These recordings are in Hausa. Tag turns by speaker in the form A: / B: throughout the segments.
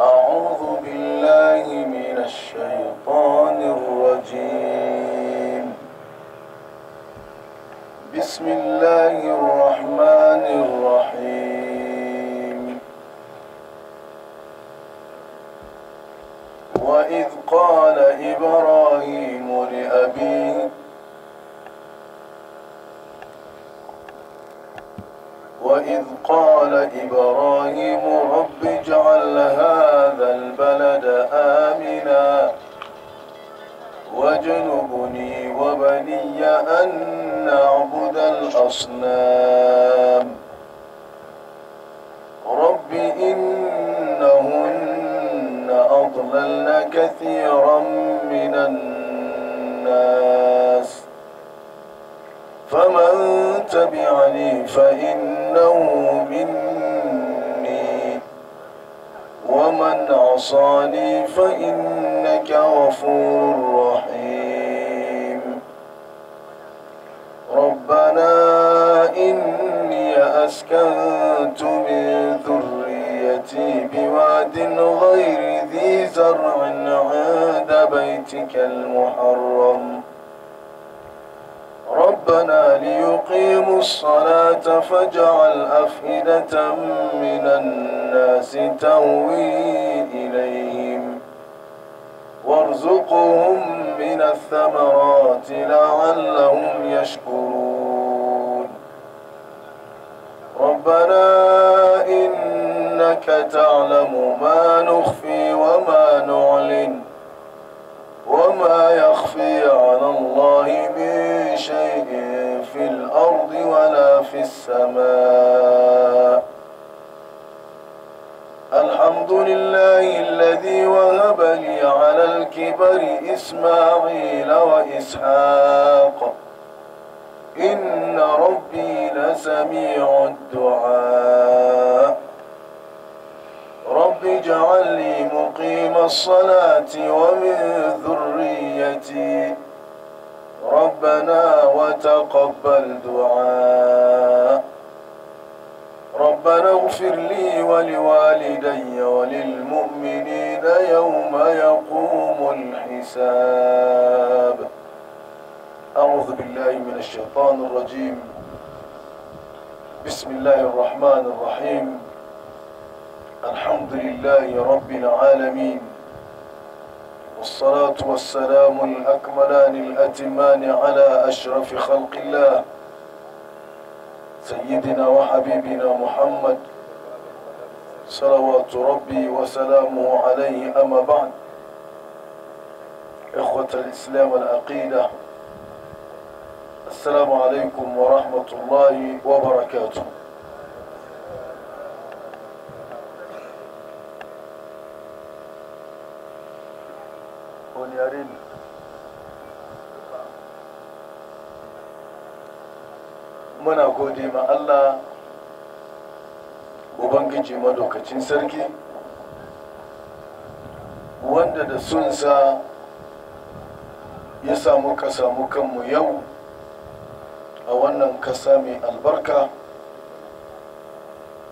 A: أعوذ بالله من الشيطان الرجيم بسم الله الرحمن الرحيم وإذ قال إبراهيم لأبيه قال إبراهيم رب اجعل هذا البلد آمنا واجنبني وبني أن نعبد الأصنام رب إنهن أضللن كثيرا من الناس فمن تبعني فإنه مني ومن عصاني فإنك غفور رحيم ربنا إني أسكنت من ذريتي بواد غير ذي زرع عند بيتك المحرم ربنا ليقيموا الصلاة فاجعل أفئدة من الناس تهوي إليهم وارزقهم من الثمرات لعلهم يشكرون ربنا إنك تعلم ما نخفي وما نعلن وما يخفي على الله من شيء في الأرض ولا في السماء الحمد لله الذي وهب لي على الكبر إسماعيل وإسحاق إن ربي لسميع الدعاء رب اجعل لي مقيم الصلاة ومن ذريتي ربنا وتقبل دعاء ربنا اغفر لي ولوالدي وللمؤمنين يوم يقوم الحساب أعوذ بالله من الشيطان الرجيم بسم الله الرحمن الرحيم الحمد لله رب العالمين والصلاة والسلام الأكملان الأتمان على أشرف خلق الله سيدنا وحبيبنا محمد صلوات ربي وسلامه عليه أما بعد إخوة الإسلام العقيدة السلام عليكم ورحمة الله وبركاته wani muna gode ma Allah ubangiji madaukacin sarki wanda da sunsa ya samu ka samu kanmu yau a wannan kasa mai albarka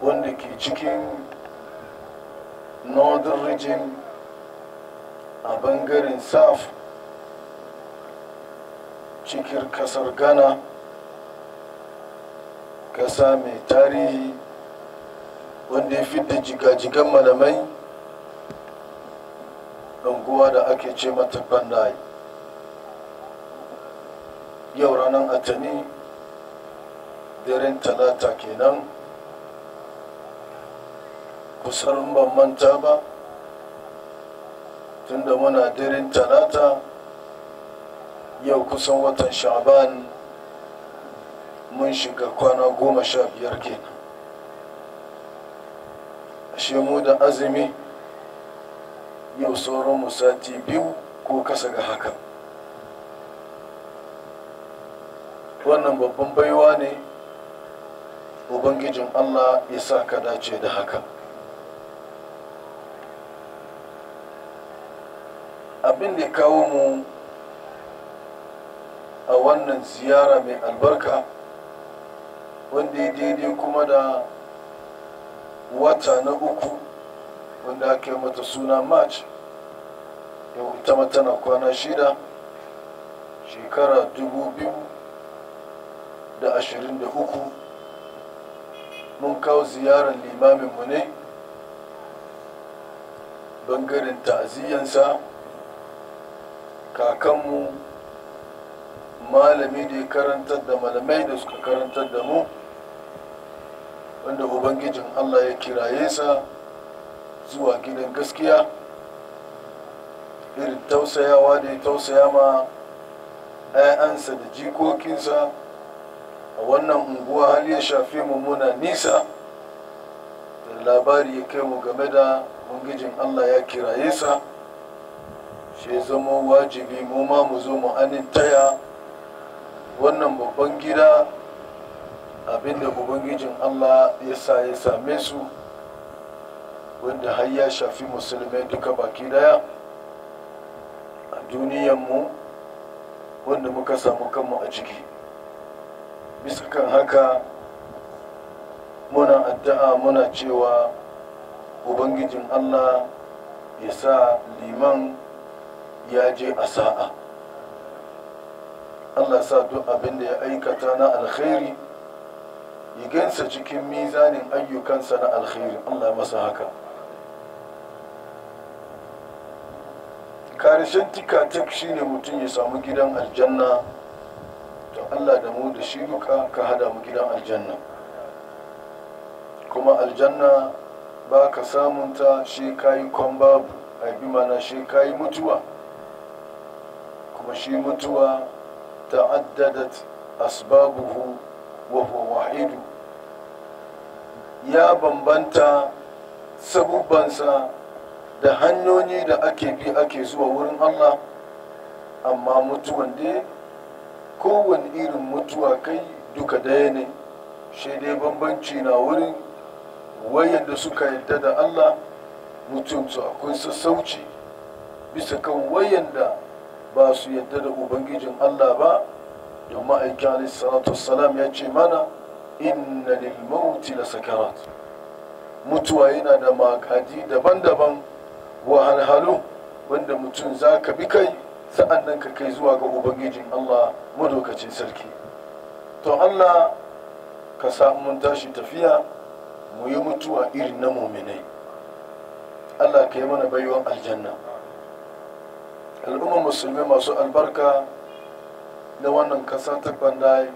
A: wanda ke cikin northern region a bangaren saf cikin kasar ghana kasa mai tarihi wanda ya fidda jigajigan malamai unguwa da ake ce mata bandai yau ranar atani daren talata kenan kusan ban manta ba tunda muna daren talata yau kusan watan sha'ban mun shiga kwana goma sha biyar kenan ashe mu da azumi yau sauran mu sati biyu ko kasa ga haka wannan babban baiwa ne ubangijin allah ya sa ka dace da haka abin da ya kawo mu a wannan ziyara mai albarka wanda ya daidai kuma da wata na uku wanda aka yi mata suna march yau ita matana kwana shida shekara dubu biyu da ashirin da uku mun kawo ziyarar limaminmu ne bangaren ta'aziyyansa kakanmu malami da ya karantar da malamai da suka karantar da mu wanda ubangijin allah ya kiraye sa zuwa gidan gaskiya irin tausayawa da ya tausaya ma 'ya'yansa da jikokinsa a wannan unguwa hali ya shafi mummuna nisa da labari ya kai mu game da ubangijin allah ya kiraye sa shi zama wajibi mu ma mu zo mu taya wannan babban gida abinda ubangijin allah ya sa ya same su wanda har ya shafi musulmai duka baki daya a mu wanda muka samu kanmu a ciki bisa kan haka muna addu'a muna cewa ubangijin allah ya sa liman ya je a sa'a allah sa duk abin da ya aikata na alkhairi ya gansa cikin mizanin ayyukansa na alkhairi allah masa haka karshen tikatik shine mutum ya samu gidan aljanna to allah da mu da shi duka ka hada mu gidan aljanna kuma aljanna ba ka samunta shi kayi kwan babu a bi mana shi kayi mutuwa kuma shi mutuwa ta'addadat asbabuhu wa huwa wahidu ya bambanta sabubansa da hanyoyi da ake bi ake zuwa wurin Allah amma mutuwan dai kowane irin mutuwa kai duka daya ne shi dai bambanci na wurin wayanda suka yadda da Allah mutum su akwai sassauci bisa kan wayanda ba su yadda da ubangijin Allah ba don ma'aikin alaihi salatu Salam ya ce mana inna lil mauti la sakarat mutuwa yana da makadi daban-daban wahalhalu wanda mutum za ka bi kai sa'an nan ka kai zuwa ga ubangijin Allah madaukacin sarki to Allah ka samu mun tashi tafiya mu yi mutuwa irin na muminai Allah ka yi mana baiwan aljanna al'ummar musulmi masu albarka na wannan kasa ta bandai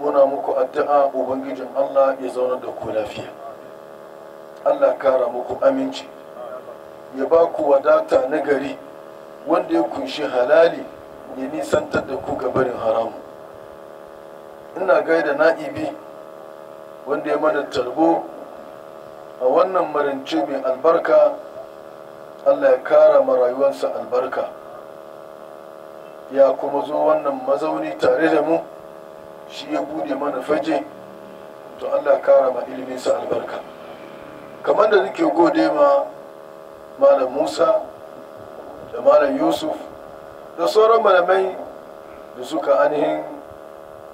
A: muna muku addu'a ubangijin allah ya zauna da ku lafiya allah kara muku aminci ya ba ku wadata na gari wanda ya kunshi halali ya nisantar da ku ga barin haramu ina gaida na'ibi wanda ya mana talbo a wannan marance mai albarka allah ya kara ma rayuwarsa albarka ya kuma zo wannan mazauni tare da mu shi ya bude mana faje to allah ya kara ma ilminsa albarka kamar da nake gode ma malam musa da malam yusuf da sauran malamai da suka ainihin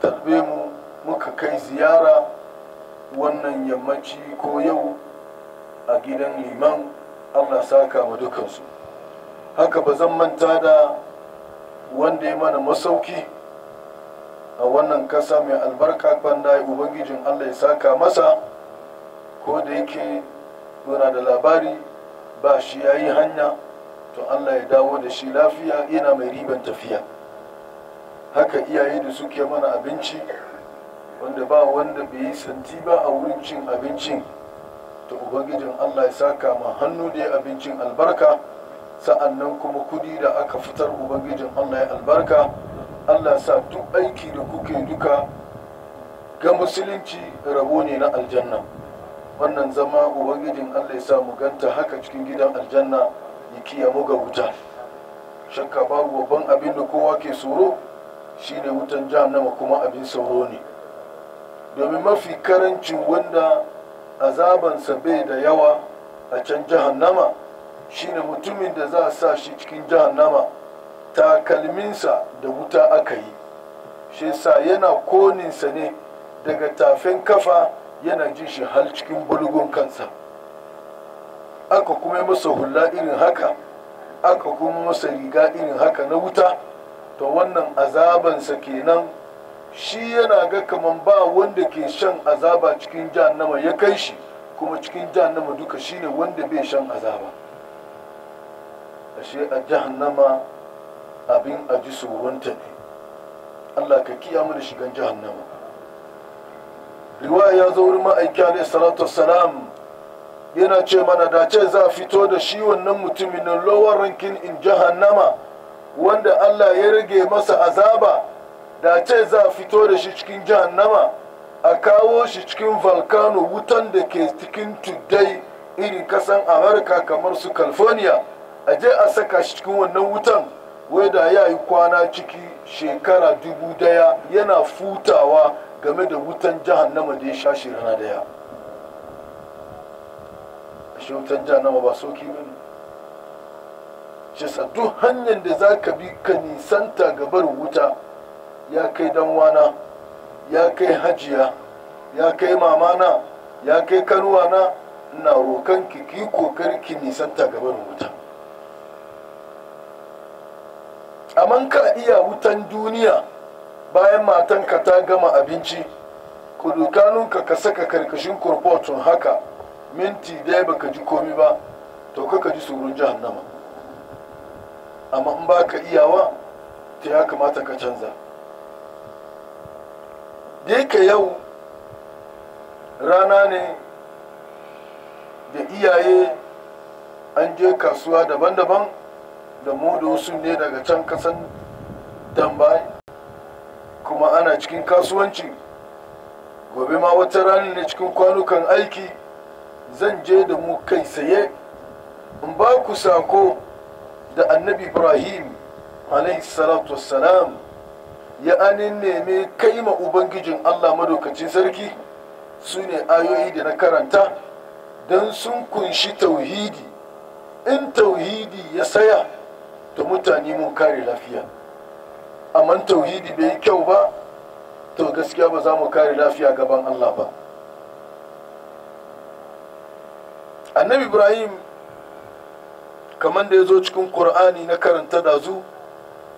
A: tarbe mu muka kai ziyara wannan yammaci ko yau a gidan liman allah saka ma dukansu haka ba zan manta da wanda ya mana masauki a wannan kasa mai albarka banda ya ubangijin allah ya saka masa ko da yake muna da labari ba shi ya yi hanya to allah ya dawo da shi lafiya yana mai riban tafiya haka iyaye da suke mana abinci wanda ba wanda bai yi santi ba a wurin cin abincin to ubangijin allah ya saka ma hannu da ya abincin albarka sa'annan kuma kudi da aka fitar ubangijin allah ya albarka allah sa duk aiki da kuke duka ga musulunci rabo ne na aljanna wannan zama ubangijin allah ya sa mu ganta haka cikin gidan aljanna ya kiyamu ga wuta shakka babu babban abin da kowa ke tsoro shine wutan jahannama kuma abin sauro ne domin mafi karancin wanda azabansa bai da yawa a can jahannama shine mutumin da za a sa shi cikin jahannama takalminsa da wuta aka yi shi sa yana koninsa ne daga tafin kafa yana jin shi hal cikin bulgun kansa aka kuma masa hula irin haka aka kuma masa riga irin haka na wuta to wannan azabansa kenan shi yana ga kaman ba wanda ke shan azaba cikin jahannama ya kai shi kuma cikin jahannama duka shine wanda bai shan azaba ashe a jahannama abin a ji tsoronta ne Allah ka kiya mana shigan jahannama riwaya ya zo wurin ma'aiki alaihi salatu wassalam yana ce mana da ce za fito da shi wannan mutumin na lower rankin in jahannama wanda Allah ya rage masa azaba da ce za a fito da shi cikin jahannama a kawo shi cikin volcano wutan da ke cikin tuddai irin kasan amurka kamar su california a je a saka shi cikin wannan wutan wai da ya yi kwana ciki shekara dubu daya yana futawa game da wutan jahannama da ya sha shi rana daya shi wutan jahannama ba duk hanyar da za ka bi ka nisanta gabar wuta ya kai danwana ya kai hajiya ya kai mamana ya kai kanuwana ina rokan ki ki kokari ki nisanta gaban wuta amma ka iya wutan duniya bayan matan ka ta gama abinci kudukanunka ka saka karkashin kurfotun haka minti dai baka ji komi ba to kaka ji surun jahannama amma in baka iyawa ta ya kamata ka canza da yake yau rana ne da iyaye an je kasuwa daban-daban da mu da wasu ne daga can kasan damba kuma ana cikin kasuwanci gobe ma wata rana ne cikin kwanukan aiki zan je da mu kai saye in ba ku sako da annabi ibrahim alaihi salatu wassalam ya anin neme kaima ubangijin allah madaukacin sarki su ne ayoyi da na karanta don sun kunshi tauhidi in tauhidi ya saya to mutane mun kare lafiya amma tauhidi bai kyau ba to gaskiya ba za mu kare lafiya gaban allah ba annabi ibrahim kamar da ya zo cikin ƙur'ani na karanta dazu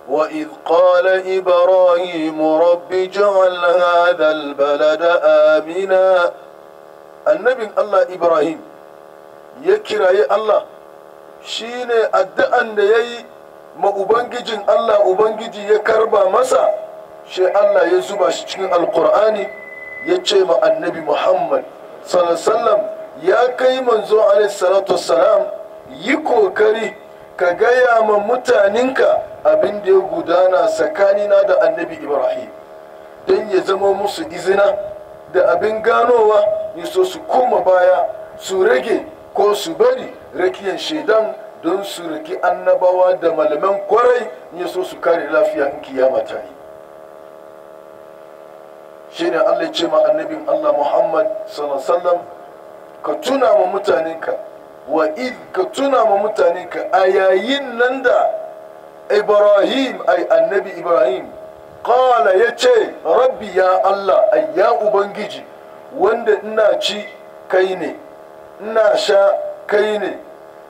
A: وإذ قال إبراهيم رب جعل هذا البلد آمنا النبي الله إبراهيم يكرا الله shine addu'an da ya yi ma ubangijin Allah ubangiji ya karba masa shi Allah ya zuba shi cikin alkur'ani ya ce ma annabi Muhammad sallallahu ya kai manzo alaihi salatu wassalam yi kokari ka gaya ma mutaninka abin da ya gudana tsakanina da annabi ibrahim don ya zama musu izina da abin ganowa ya so su koma baya su rage ko su bari rakiyar shaidan don su riki annabawa da malaman kwarai ya so su kare lafiya in kiyama ta yi shi ne allah ce ma annabin allah muhammad sallallahu ka tuna ma mutanenka wa ka tuna ma mutanenka a yayin nan da ibrahim ai annabi ibrahim qala ce rabbi ya allah ay ya ubangiji wanda ina ci kai ne ina sha kai ne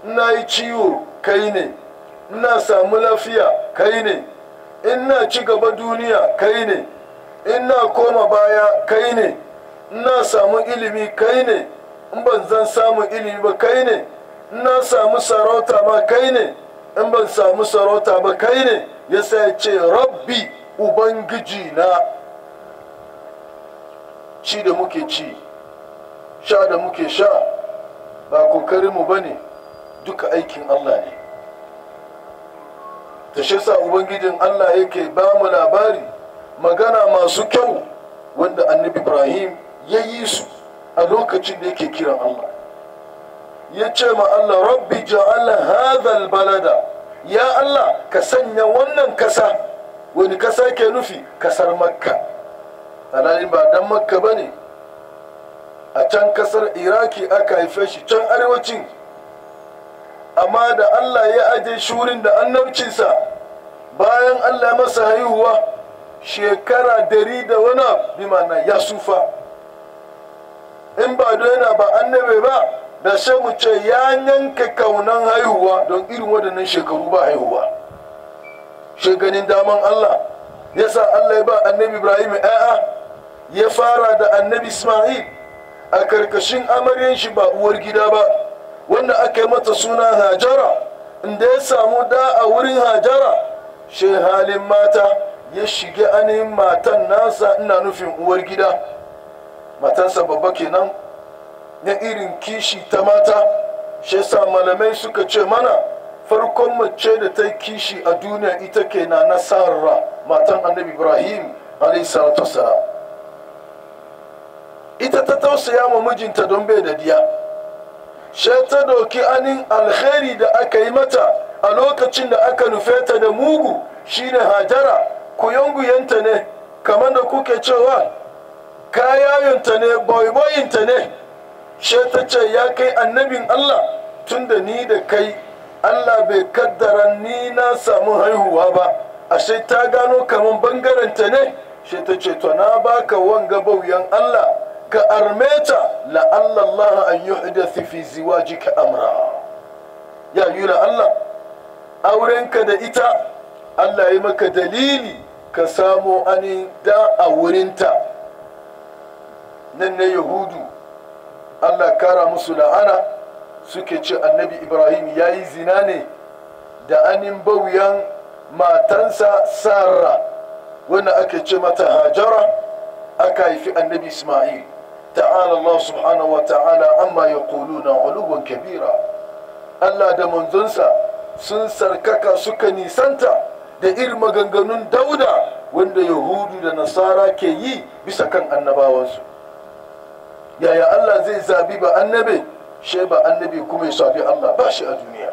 A: ina yi ciwo kai ne ina samu lafiya kai ne ina ci gaba duniya kai ne ina koma baya kai ne ina samu ilimi kai ne in ban zan samu ilimi ba kai ne ina samu sarauta ma kai ne in ban samu sarauta ba kai ne ya sai ce rabbi ubangiji na ci da muke ci sha da muke sha ba kokarinmu ba ne duka aikin allah ne ta shi sa ubangijin allah yake ba mu labari magana masu kyau wanda annabi ibrahim ya yi su a lokacin da yake kiran allah ya ce ma Allah rabbi Allah, hadhal balada ya Allah ka sanya wannan kasa wani kasa ke nufi kasar makka alalin ba dan makka bane a can kasar iraki aka haife shi can arewacin amma da Allah ya aje shurin da annabcinsa bayan Allah masa haihuwa shekara dari da wani bimana ya sufa in ba yana ba annabe ba da sai mu ce ya yanke kaunan haihuwa don irin waɗannan shekaru ba haihuwa shi ganin daman Allah ya sa Allah ya ba annabi Ibrahim ya'a ya fara da annabi Ismail a karkashin amaryan shi ba uwar gida ba wanda aka mata suna Hajara inda ya samu da a wurin Hajara shi halin mata ya shiga anin matan nasa ina nufin uwar gida matansa babba kenan da irin kishi ta mata shi yasa malamai suka ce mana farkon mace da ta kishi a duniya ita ke na nasarra matan annabi ibrahim alaihissalatu ita ta tausaya ma mijinta don bai da diya shi ta doki anin alkhairi da aka yi mata a lokacin da aka nufe ta da mugu shine hajara kuyonguyanta ne kamar da kuke cewa kayayinta ne boyboyinta ne shaitace ya kai annabin Allah tunda ni da kai Allah bai kaddara ni na samu haihuwa ba ashe ta gano kaman bangaranta ne she ce to na baka wanga bauyan Allah ka armeta la'alla Allah an yuhdathu fi ziwajika amra ya yula Allah aurenka da ita Allah ya maka dalili ka samu anin da a wurinta nan na yahudu Allah kara musu la'ana suke ce annabi ibrahim ya yi zina ne da anin bauyan matansa sarra wanda ake ce mata hajara aka haifi annabi isma'il ta'ala Allah subhanahu wa ta'ala amma ya na ulugun kabira Allah da manzonsa sun sarkaka suka nisanta da irin maganganun dauda wanda yahudu da nasara ke yi bisa kan annabawansu yaya Allah zai zabi ba annabi she ba annabi kuma ya shafi Allah ba shi a duniya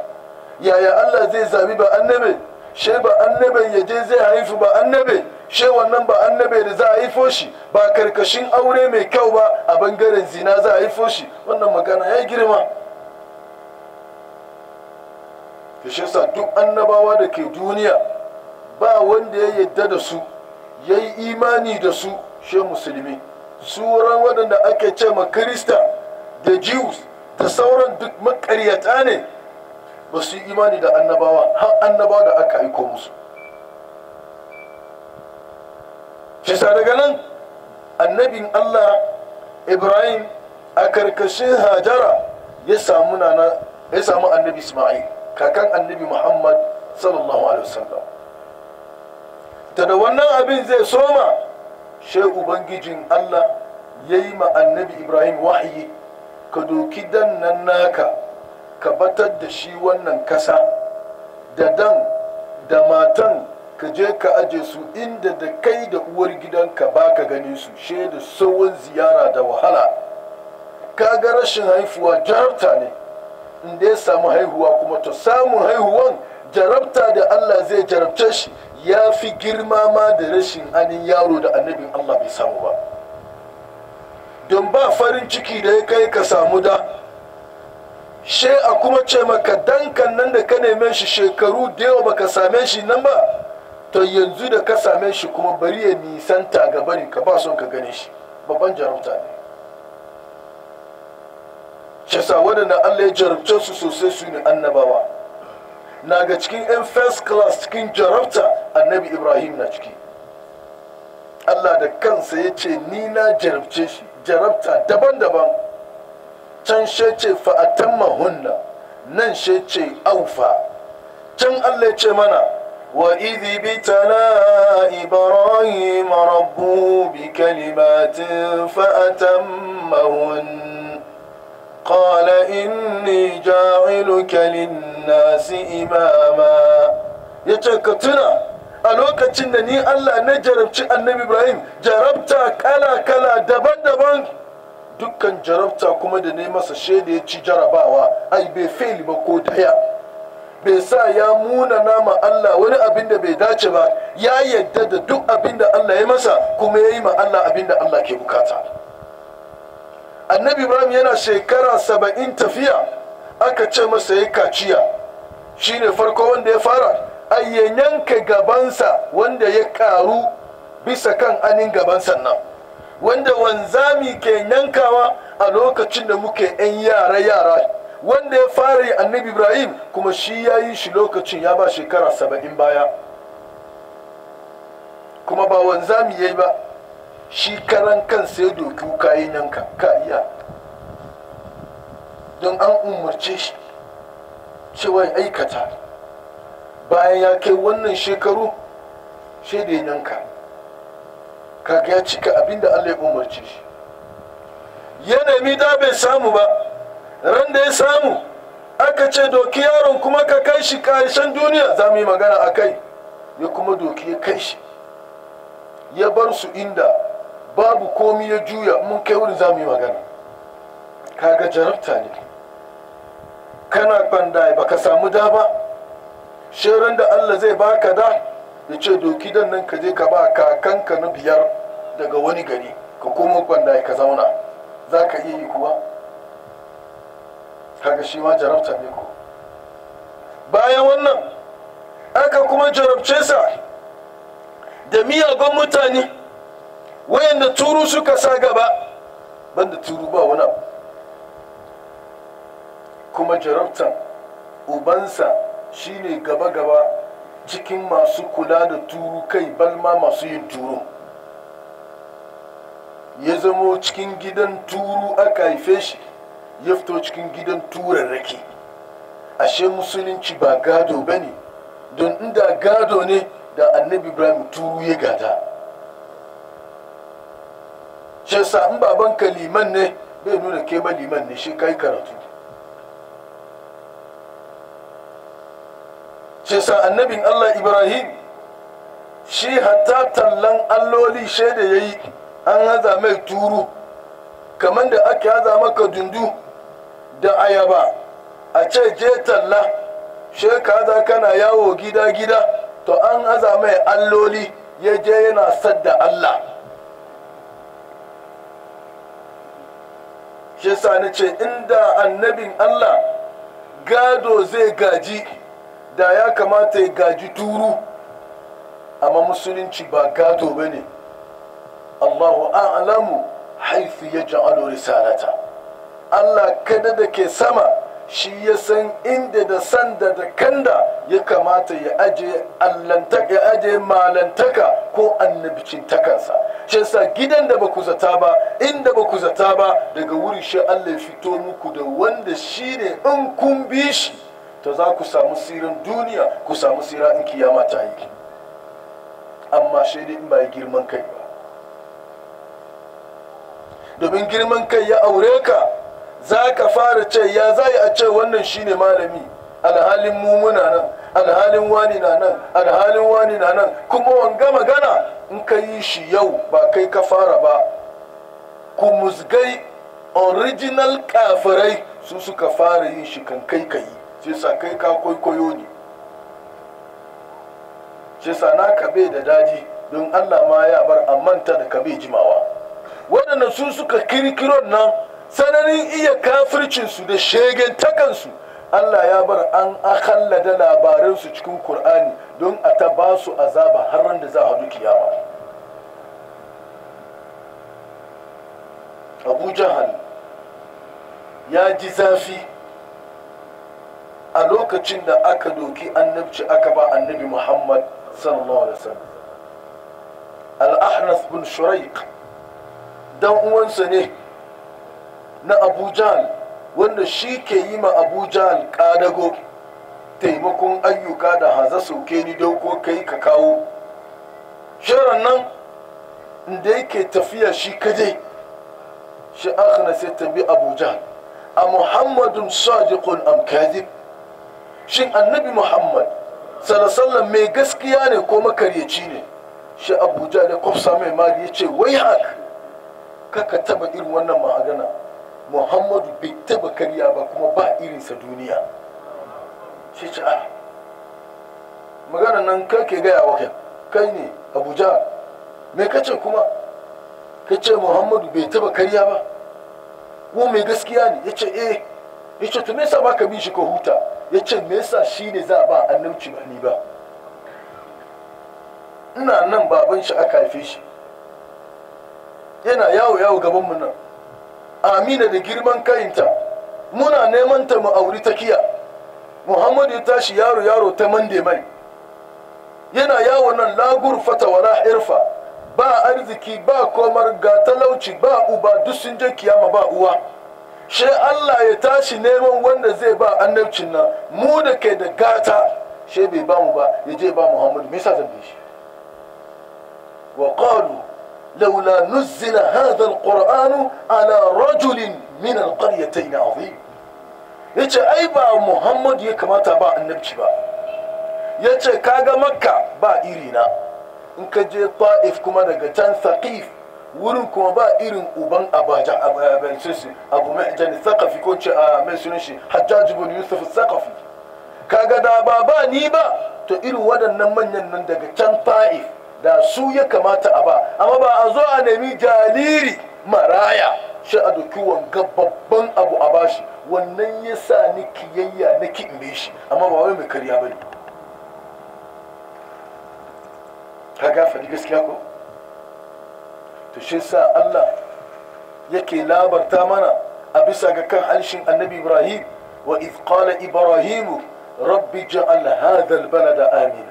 A: yaya Allah zai zabi ba annabi she ba annabi ya je zai haifi ba annabi she wannan ba annabi da za a haifo shi ba karkashin aure mai kyau ba a bangaren zina za a haifo shi wannan magana ya girma ta shi sa duk annabawa da ke duniya ba wanda ya yadda da su ya yi imani da su she musulmi suran waɗanda ake ce ma krista da jews da sauran duk makaryata ne ba su yi imani da annabawa har annabawa da aka aiko musu Shisa daga nan annabin allah ibrahim a karkashin hajara ya samu nana ya samu annabi isma'il kakan annabi muhammad sallallahu alaihi wasallam da da wannan abin zai soma she ubangijin allah ya yi ma annabi ibrahim wahayi ka doki dan nan naka ka batar da shi wannan kasa da dan da matan ka je ka aje su inda da kai da uwar ka ba ka gane su she da tsawon ziyara da wahala ga rashin haifuwa jarabta ne inda ya samu haihuwa kuma ta samun haihuwan jarabta da allah zai jarabce shi ya fi girma ma da rashin anin yaro da annabin Allah bai samu ba don ba farin ciki da ya kai ka samu da she a kuma ce maka dankan nan da ka neme shi shekaru da yawa baka same shi nan ba to yanzu da ka same shi kuma bari ya nisanta ga bari ka ba son ka gane shi babban jarumta ne shi sa waɗanda Allah ya jarumce su sosai su ne annabawa na ga cikin 'yan first class cikin jarabta annabi ibrahim na ciki allah da kansa ya ce ni na jarabce shi jarabta daban-daban can she ce fa'atan mahunna nan she ce aufa can allah ya ce mana wa idhi bitala ibrahim rabbu bi kalimatin fa'atan mahunna قال إني جاعلك للناس إماما يتكتنا a lokacin da ni Allah na jarabci annabi Ibrahim jarabta kala-kala daban-daban dukkan jarabta kuma da ne masa shaida ya ci jarabawa ai bai fail ba ko daya bai sa ya muna nama Allah wani abin da bai dace ba ya yadda da duk abin da Allah ya masa kuma ya yi ma Allah abin da Allah ke bukata. annabi ibrahim yana shekara saba'in tafiya aka ce masa ya kaciya shine farko wanda ya fara ai ya gabansa wanda ya karu bisa kan anin gabansa nan wanda wanzami ke yankawa a lokacin da muke 'yan yara-yara wanda ya fara yi annabi ibrahim kuma shi ya yi shi lokacin ya ba shekara saba'in baya kuma ba wanzami ya yi ba shi karan kan sai doki kayi nan ka iya don an umarce shi cewa ya aikata bayan ya kai wannan shekaru shi da yanka kaga ya cika abinda allah ya umarce shi ya nemi da bai samu ba ran da ya samu aka ce doki yaron kuma ka kai shi karshen duniya za mu yi magana a kai ya kuma doki ya kai shi ya bar su inda babu komi ya juya mun kai wurin za mu yi magana kaga jarabta ne kana banda ba ka samu da ba shirin da allah zai baka da ya ce doki dan nan ka je ka ba kakanka na biyar daga wani gari ka komo banda ka zauna za ka iya yi kuwa kaga shi ma jarabta ne ko bayan wannan aka kuma jarabce sa da miyagun mutane da turu suka sa gaba banda turu ba wani abu kuma jarabtan ubansa shine gaba-gaba cikin masu kula da turu kai balma masu yin turu ya zamo cikin gidan turu aka haife shi ya fito cikin gidan turarraki ashe musulunci ba gado ba ne don inda gado ne da annabi ibrahim turu ya gada shi sa in baban ka liman ne bai nuna ke ba liman ne shi kai karatu shi sa annabin Allah Ibrahim shi hatta tallan alloli shaida yayi an haza mai turu kamar da ake haza maka dundu da ayaba a ce je talla shekaza za kana yawo gida-gida to an haza mai alloli ya je yana sadda Allah shi yasa na ce inda annabin Allah gado zai gaji da ya kamata ya gaji turu amma musulunci ba gado ba ne Allahu a'lamu haifi ya ja'alu risalata Allah kada da ke sama shi ya san inda da sanda da kanda ya kamata ya aje allantaka ya aje malantaka ko annabicin takansa shi sa gidan da ba ku zata ba inda ba ku zata ba daga wuri shi Allah ya fito muku da wanda shi ne in kun bi shi to za ku samu sirin duniya ku samu sira in kiyama ta yi amma shi ne in ba girman kai ba domin girman kai ya aure ka za ka fara ce ya za a ce wannan shine malami alhalin mumuna nan alhalin wani na nan alhalin wani na nan kuma wanga magana in ka yi shi yau ba kai ka fara ba ku musgai original kafirai su suka fara yin shi kan kai ka yi shi sa kai ka kwaikwayo ne shi sa na kabe da daji don allah ma ya bar a manta da bai jimawa waɗannan su suka kirkiron nan tsananin iya kafircinsu da shegentakansu Allah ya bar an da labaransu cikin Kur'ani don a ta ba su azaba har da za a kiyama. Abu Jahal ya ji zafi a lokacin da aka doki annabci aka ba annabi Muhammad sallallahu alaihi wasallam. Al-Ahnas bin Shuraik dan uwansa ne na abu wanda shi ke yi ma abu jahal kadago taimakon ayyuka da haza sauke ni dauko kai ka kawo shirin nan inda yake tafiya shi kaje shi akhna sai tabi abu jahal a muhammadun sadiqun am kadhib shin annabi muhammad sallallahu mai gaskiya ne ko makaryaci ne shi abuja da kwafsa mai mari ya ce wai haka kaka taba irin wannan magana muhammadu bai taba karya ba kuma ba irinsa duniya shi ce a ah, magana nan kai ke gaya wa kai ne abuja me kace kuma ka ce muhammadu bai taba karya ba ko mai gaskiya ne ya ce eh ya ce to me sa ba ka bi shi ka huta ya ce me sa shi ne za ba annabci ba ni ba ina nan baban shi aka haife shi yana yawo yawo gaban mu nan amina da girman kayinta muna neman ta mu auri takiya muhammadu ya tashi yaro yaro ta mande mai yana yawon nan lagur fata wala irfa ba arziki ba komar ga talauci ba uba duk sun je kiyama ba uwa she Allah ya tashi neman wanda zai ba annabcin nan mu da kai da gata she bai ba mu ba ya je ba Muhammadu me yasa zan shi wa qalu لولا نزل هذا القرآن على رجل من القريتين عظيم yace ai ba Muhammad ya kamata ba annabci ba yace kaga makka ba iri na in ka je ta'if kuma daga can saqif wurin kuma ba irin uban abaja abincin abu ma'ajani saqafi ko ce a mai sunan shi hajjaji ibn yusuf saqafi kaga da ba ba ni ba to irin waɗannan manyan nan daga can ta'if da su ya kamata a ba amma ba a zo a nemi jariri maraya shi a doki wanga babban abu a bashi wannan ya sa ni kiyayya na kiɗime shi amma ba wai mai karya ba ne ka gafa ni gaskiya ko to shi sa Allah yake labarta mana a bisa ga kan alshin annabi Ibrahim wa iz qala ibrahimu rabbi ja'al hadha al-balada amina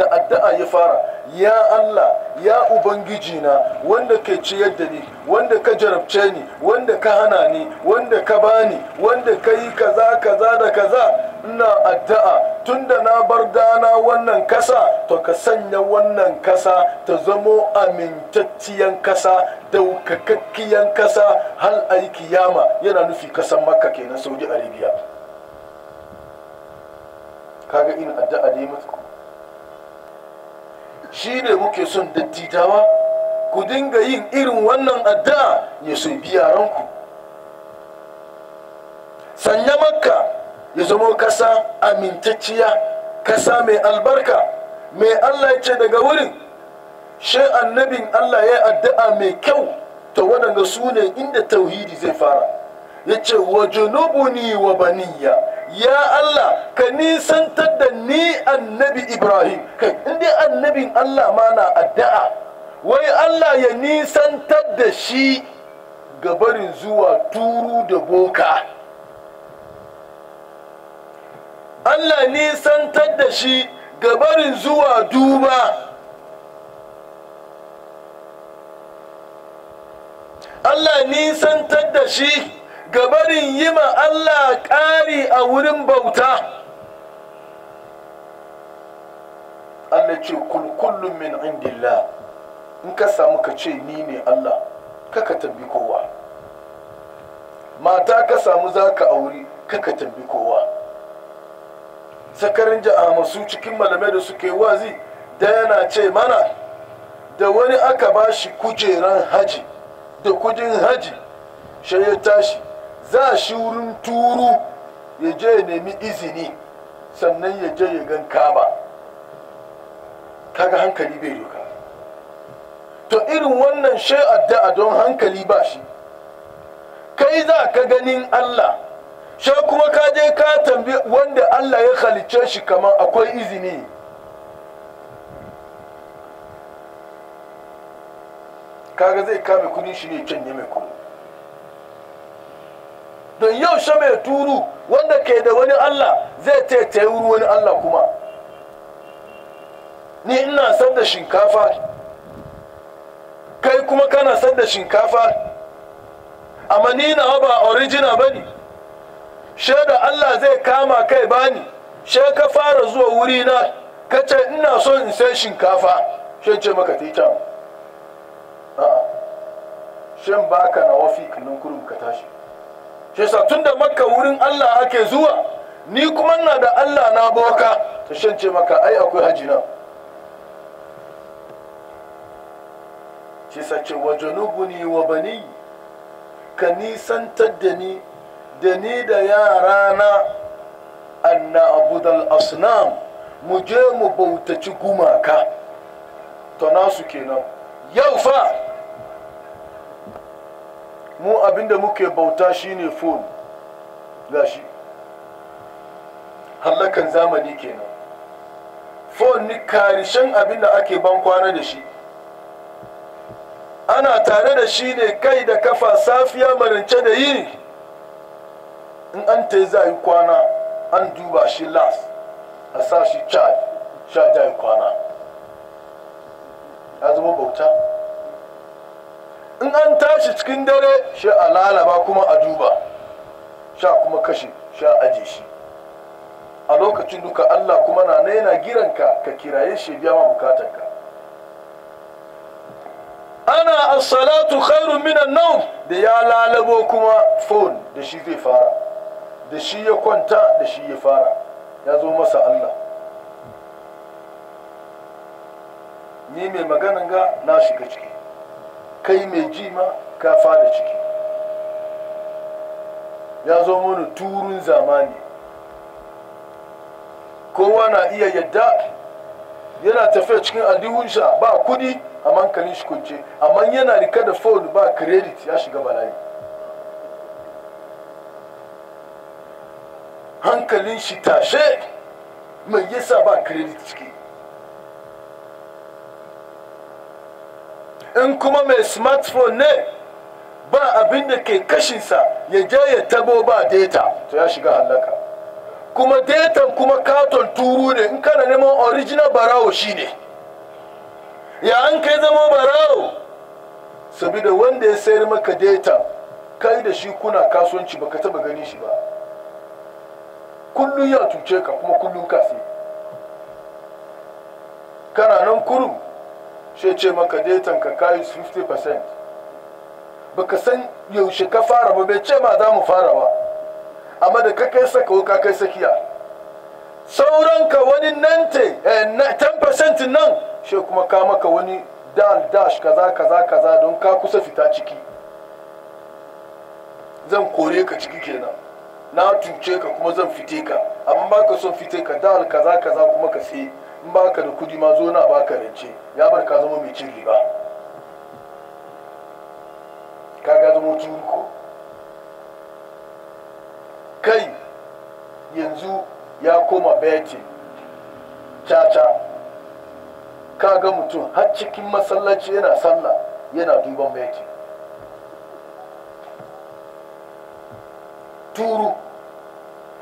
A: da addu'a ya fara ya Allah ya ubangiji na wanda ke ciyar da ni wanda ka jarabce ni wanda ka hana ni wanda ka bani wanda ka yi kaza kaza da kaza ina addu'a tunda na bar dana wannan kasa to ka sanya wannan kasa ta zamo amintacciyan kasa daukakakkiyan kasa hal aiki yama. yana nufi kasan makka kenan saudi arabia kaga ina addu'a dai mutu shi ne muke son dattijawa ku dinga yin irin wannan addu'a ya so bi yaranku sanya makka ya zama kasa amintacciya kasa mai albarka mai allah ce daga wurin shi annabin allah ya addu'a mai kyau ta waɗanda su ne inda tauhidi zai fara ya ce wa junubuni wa baniya ya Allah ka nisantar da ni annabi Ibrahim kai inda annabin Allah ma na addu'a wai Allah ya nisantar da shi gabarin zuwa turu da boka Allah nisantar da shi gabarin zuwa duba Allah nisantar da shi gabarin yi ma Allah ƙari a wurin bauta Allah ce kullum-kullum min indillah in ka samu ka ce ni ne Allah kaka tambi kowa mata ka samu za ka auri kaka tambi kowa sakarin ja'amasu cikin malamai da suke wazi da yana ce mana da wani aka ba shi kujeran haji da kudin haji shi ya tashi za shi wurin turu ya je ya nemi izini sannan ya je ya gan kaba kaga hankali bai doka to irin wannan shai addu'a don hankali ba shi kai za ka ganin Allah sha kuma ka je ka tambi wanda Allah ya halice shi kamar akwai izini kaga zai kame kudin shi ne canye mai kudi don yau sha mai turu wanda ke da wani Allah zai yi wuri wani Allah kuma ni ina san da shinkafa kai kuma kana san da shinkafa amma ni na ba original ba She shaida Allah zai kama kai bani she ka fara zuwa wuri na ka ce ina son in sai shinkafa she ce maka tita a'a shin baka na wafi kullun kurum ka tashi shi yasa tunda makka wurin Allah ake zuwa ni kuma na da Allah na boka ta shance maka ai akwai haji na shi ce wa junubuni wa bani ka nisantar da ni da ni da yarana anna abudal asnam mu je mu bautaci gumaka to nasu kenan yau fa mu abinda muke bauta shine phone gashi hallakan zamani kenan phone ni abin abinda ake ban kwana da shi ana tare da shi ne kai da kafa safiya marance da yi in an ta za yi kwana an duba shi las a sa shi sha kwana ya zama bauta in an tashi cikin dare shi a lalaba kuma a duba sha kuma kashe sha aje shi a lokacin duka Allah kuma na na yana giranka ka kiraye shi biya ma bukatanka ana as-salatu khairun minan nawm da ya lalabo kuma phone da shi zai fara da shi ya kwanta da shi ya fara ya zo masa Allah ni mai maganin ga na shiga ciki kai mai ji ma ka fada ciki ya zo mana turun zamani kowa na iya yadda yana tafiya cikin addihunsa ba kudi a mankalin shi kunce amma yana rika da ford ba credit ya shiga balayi hankalin shi tashe mai yasa ba credit ciki in kuma mai smartphone ne ba abin da ke kashinsa ya je ya tabo ba data to ya shiga halaka kuma data kuma katon turu ne in kana neman original barawo shine ya an kai zama barawo saboda wanda ya sayar maka data kai da shi kuna kasuwanci baka taba gani shi ba kullum ya tuce ka kuma kullum kasi kana nan kurum sai ce maka 50% baka san yaushe ka fara ba bai ce ma za mu fara ba amma da ka kai saka ka kai sakiya sauran ka wani eh, nan te 10% nan shi kuma ka maka wani dal dash kaza kaza kaza don ka kusa fita ciki zan kore ka ciki kenan na tuce ka kuma zan fite ka amma ba ka son fite ka dal kaza kaza kuma ka sai in ba ka da kudi ma zo na ka rance ya bar ka zama mai cin riba ka ga zama ko kai yanzu ya koma betting caca ka ga mutum har cikin masallaci yana sallah yana duban betting turu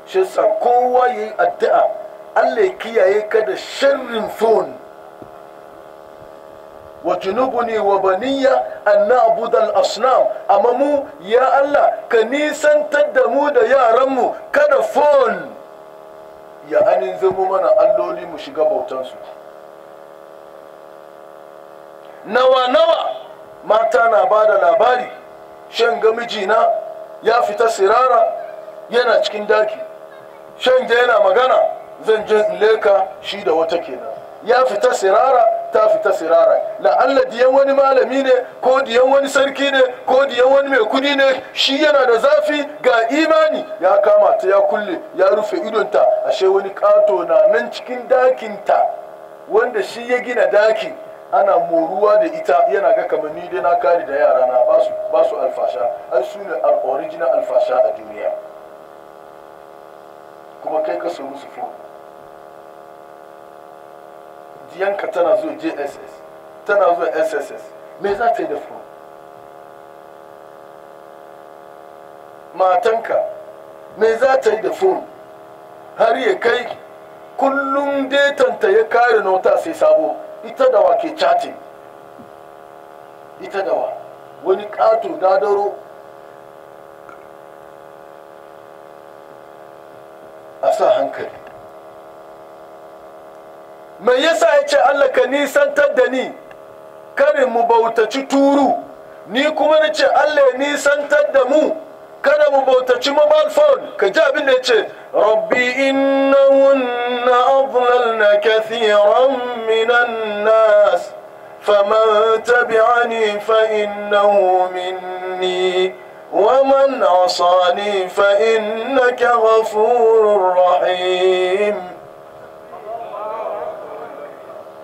A: shi kowa ya yi addu'a allah ya kiyaye ka da sharrin fon wa junubuni wa baniya an na'budal asnam amma mu ya Allah ka nisantar da mu da yaranmu kada fon ya anin zamo mana alloli mu shiga su nawa nawa mata na ba da labari shan ga mijina ya fita sirara yana cikin daki shan ga yana magana zan je in leka shi da wata kenan ya fita sirara ta fita sirara la'alla diyan wani malami ne ko diyan wani sarki ne ko diyan wani mai kudi ne shi yana da zafi ga imani ya kama ta ya kulle ya rufe idonta ashe wani kato na nan cikin dakinta wanda shi ya gina daki ana moruwa da ita yana ga kamar ni dai na kare da yara na ba su alfasha ai su ne original alfasha a duniya kuma kai ka so musu fim diyanka tana zuwa jss tana zuwa sss me za ta yi da su matanka me za ta yi da su har ya kai kullum detanta ya kare na wata sai sabo ita da wa ke chatting ita da wa wani kato dadaro a sa hankali me yasa yace Allah ka nisantar da ni kare mu bautaci turu ni kuma na ce Allah ya nisantar da mu kare mu bautaci mobile phone ka ji abin da yace ce rabbi innahunna adlalna kathiran minan nas فمن تبعني فإنه مني ومن عصاني فإنك غفور رحيم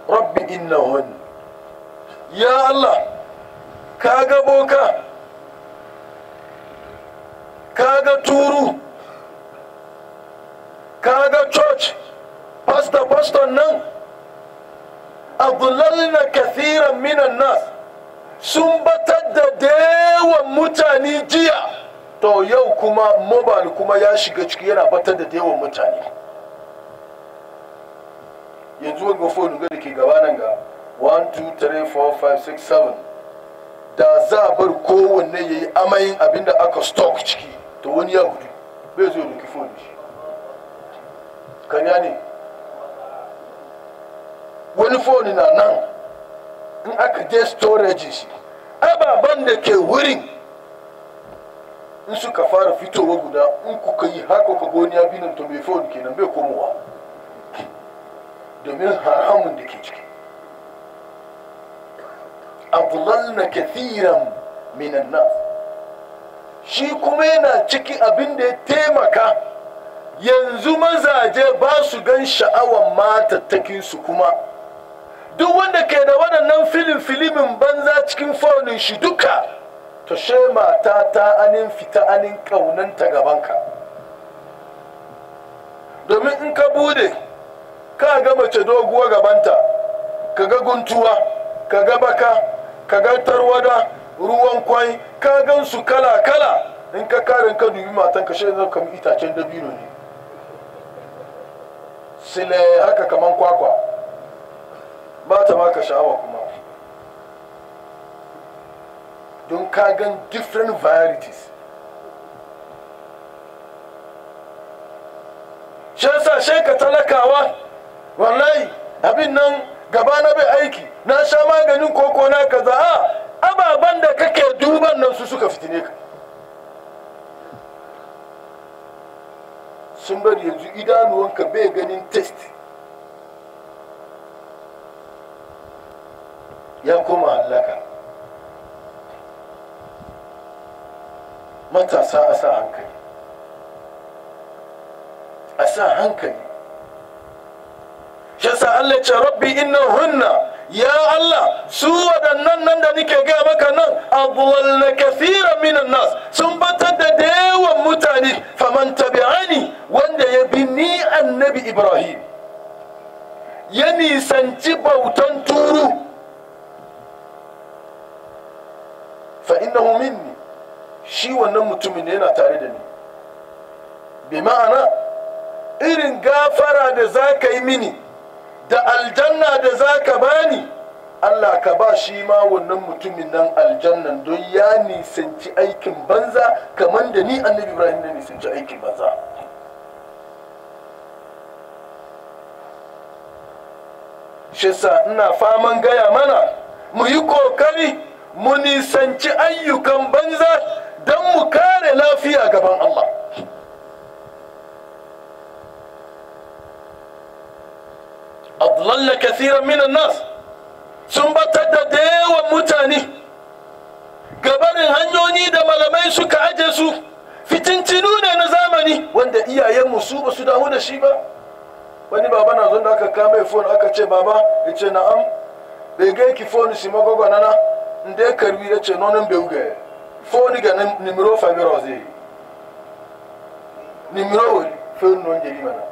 A: rabbi inna wani, ya Allah ka ga boka ka ga turu ka ga church pastor pastor nan na kathiran minan nas sun batar da dewan mutane jiya to yau kuma mobile kuma ya shiga ciki yana batar da dewan mutane yanzu wanga fo duga da ke gaba nan ga 1,2,3,4,5,6,7 da za a bar kowanne ya yi amayin abinda aka stock ciki ta wani ya gudu bai zo da fo da shi kanya ne wani foni na nan in aka je storage shi ababen da ke wurin in suka fara fitowa guda in kuka yi haka ka goniya binin to mai foni kenan bai komowa domin haramun da ke ciki adlalna kathiran minan nan, shi kuma yana ciki abin da ya taimaka yanzu mazaje ba su gan sha'awan matattakin su kuma duk wanda ke da waɗannan filin filimin banza cikin faunin shi duka to she mata ta anin fita anin ƙaunanta gabanka domin in ka bude ka ga mace doguwa gabanta ka ga guntuwa ka ga baka ka ga tarwada ruwan kwai ka gan su kala kala in ka karin ka dubi matan ka shi zai kamar itacen dabino ne sile haka kaman kwakwa ba ta maka sha'awa kuma don ka gan different varieties shi yasa shi ka talakawa wallahi abin nan gaba na bai aiki na sha maganin koko na kaza a ababen da kake duban nan su suka fitine ka sun bari yanzu idanuwanka bai ganin test ya koma allaka matasa a sa hankali a sa hankali yasa Allah ce rabbi inna hunna ya Allah su waɗannan nan da nike gaya maka nan adwalla kathira minan nas sun batar da yawan mutane faman tabi'ani wanda ya bi ni annabi Ibrahim ya nisanci bautan turu fa innahu minni shi wannan mutumin yana tare da ni bi ma'ana irin gafara da za ka yi mini da aljanna da za ka bani Allah ka ba shi ma wannan mutumin nan aljannan don ya nisanci aikin banza kamar da ni annabi ibrahim na nisanci aikin banza shisa ina faman gaya mana mu yi kokari mu nisanci ayyukan banza don mu kare lafiya gaban Allah adlalla kathiran minan nas sun batar da da yawan mutane gabarin hanyoyi da malamai suka aje su fitincinu ne na zamani wanda iyayenmu su ba su damu da shi ba wani baba na zo da aka kama fon aka ce baba ya ce na'am bai gai ki fon si magwagwa nana inda karbi ya ce nonon bai wuga fon ga nimiro zai nimiro fon jeri mana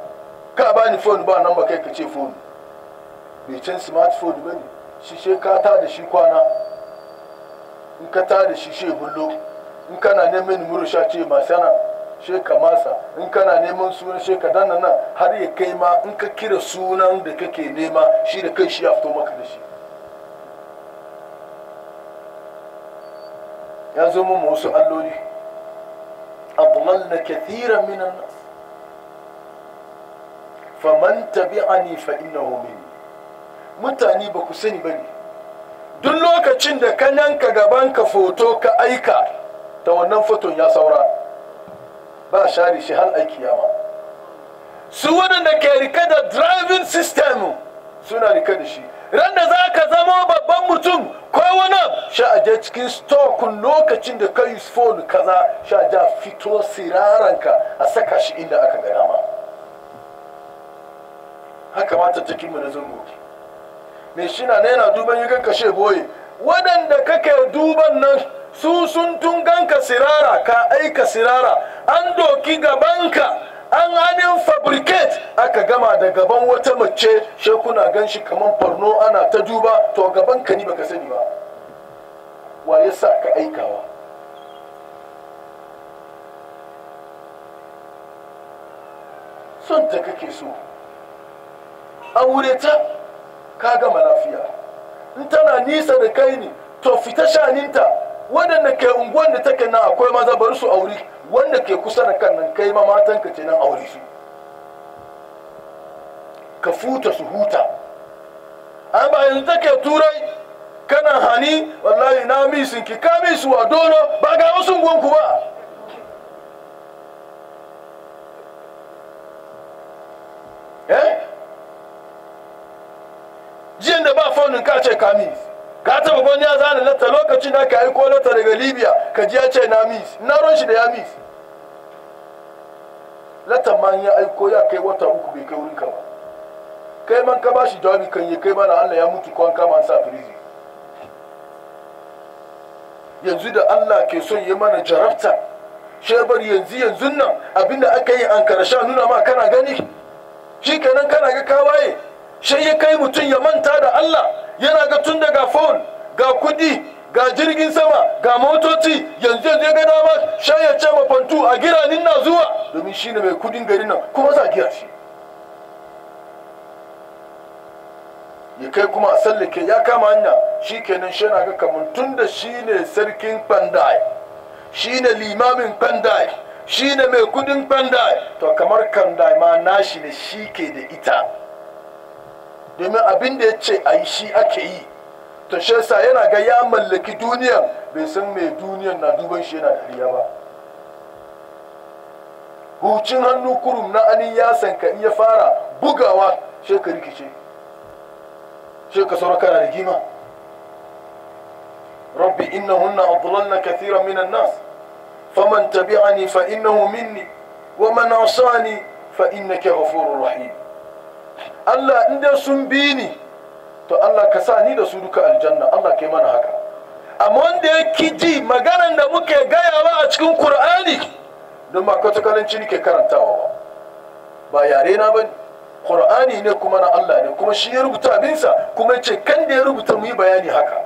A: ka ba ni fon ba nan ba kai ka ce fon bai can smartphone ba ne shi she ka ta da shi kwana in ka ta da shi she bullo in kana neman numero sha ce masana she ka masa in kana neman sunan she ka danna nan har ya kai ma in ka kira sunan da kake nema shi da kai shi ya fito maka da shi ya zo mu wasu alloli adlalna kathiran minan nas faman tabi'ani fa innahu minni mutane ba ku sani ba ne duk lokacin da ka yanka gaban ka foto ka aika ta wannan foton ya saura ba share shi har aiki ya ma. su waɗanda ke rike da driving system suna rika da shi ran da za ka zama babban mutum ko wani sha a je cikin stokun lokacin da ka yi phone kaza sha a fito siraranka a saka shi inda aka gaya ma haka mata cikin mu na zungoki mai shi na yana duban yi ganka she boye waɗanda kake duban nan su sun tun ganka sirara ka aika sirara an doki gabanka an anin fabricate aka gama da gaban wata mace she kuna gan shi kamar farno ana ta duba to gaban ka ni baka sani ba wa yasa ka aikawa son ta kake so aure ta ka gama lafiya in tana nisa da kai ne to fita shaninta waɗanda ke unguwan da take nan akwai maza bari su aure wanda ke kusa da kan nan kai ma matan ka ce nan aure su ka futa su huta an ba yanzu take turai kana hani wallahi na misinki ka misu a dolo ba ga wasu unguwanku ba jiyan da ba faunin ka ce ka ka taba wani ya zana latta lokacin da ka aiko latta daga libya ka ji ya ce na mis na ruwan shi da ya mis latta ma ya aiko ya kai wata uku bai kai wurin ka ba kai man ka bashi jawabi kan yi kai mana allah ya mutu kwan kama sa firizi yanzu da allah ke son ya mana jarabta shebar yanzu yanzu nan abinda aka yi an karshe nuna ma kana gani shi kenan kana ga kawaye shi ya kai mutum ya manta da Allah yana ga tun daga phone ga kudi ga jirgin sama ga motoci yanzu yanzu ya ga dama shi ya ce mafantu a giranin na zuwa domin shi ne mai kudin gari nan kuma za giya shi ya kai kuma a sallake ya kama hanya shi kenan shi na ga kamar tun da shi ne sarkin pandai shi ne limamin pandai shi ne mai kudin pandai to kamar kandai ma nashi ne shi ke da ita domin abin da ya ce a shi ake yi to shi yasa yana ga ya mallaki duniya bai san mai duniyan na duban shi yana dariya ba hucin hannu kurum na anin ya sanka in ya fara bugawa shi ka rikice shi ka saura kana rigima rabbi innahunna adlalna kathiran minan nas faman tabi'ani fa innahu minni wa man asani fa innaka ghafurur rahim Allah in sun bi ni to Allah ka sa ni da su duka aljanna Allah kai mana haka amma wanda ya kiji maganan da muke gayawa a cikin Qur'ani don ba ne ke karantawa ba ba yare na ba Qur'ani ne kuma na Allah ne kuma shi ya rubuta abinsa kuma ce kan da ya rubuta mu yi bayani haka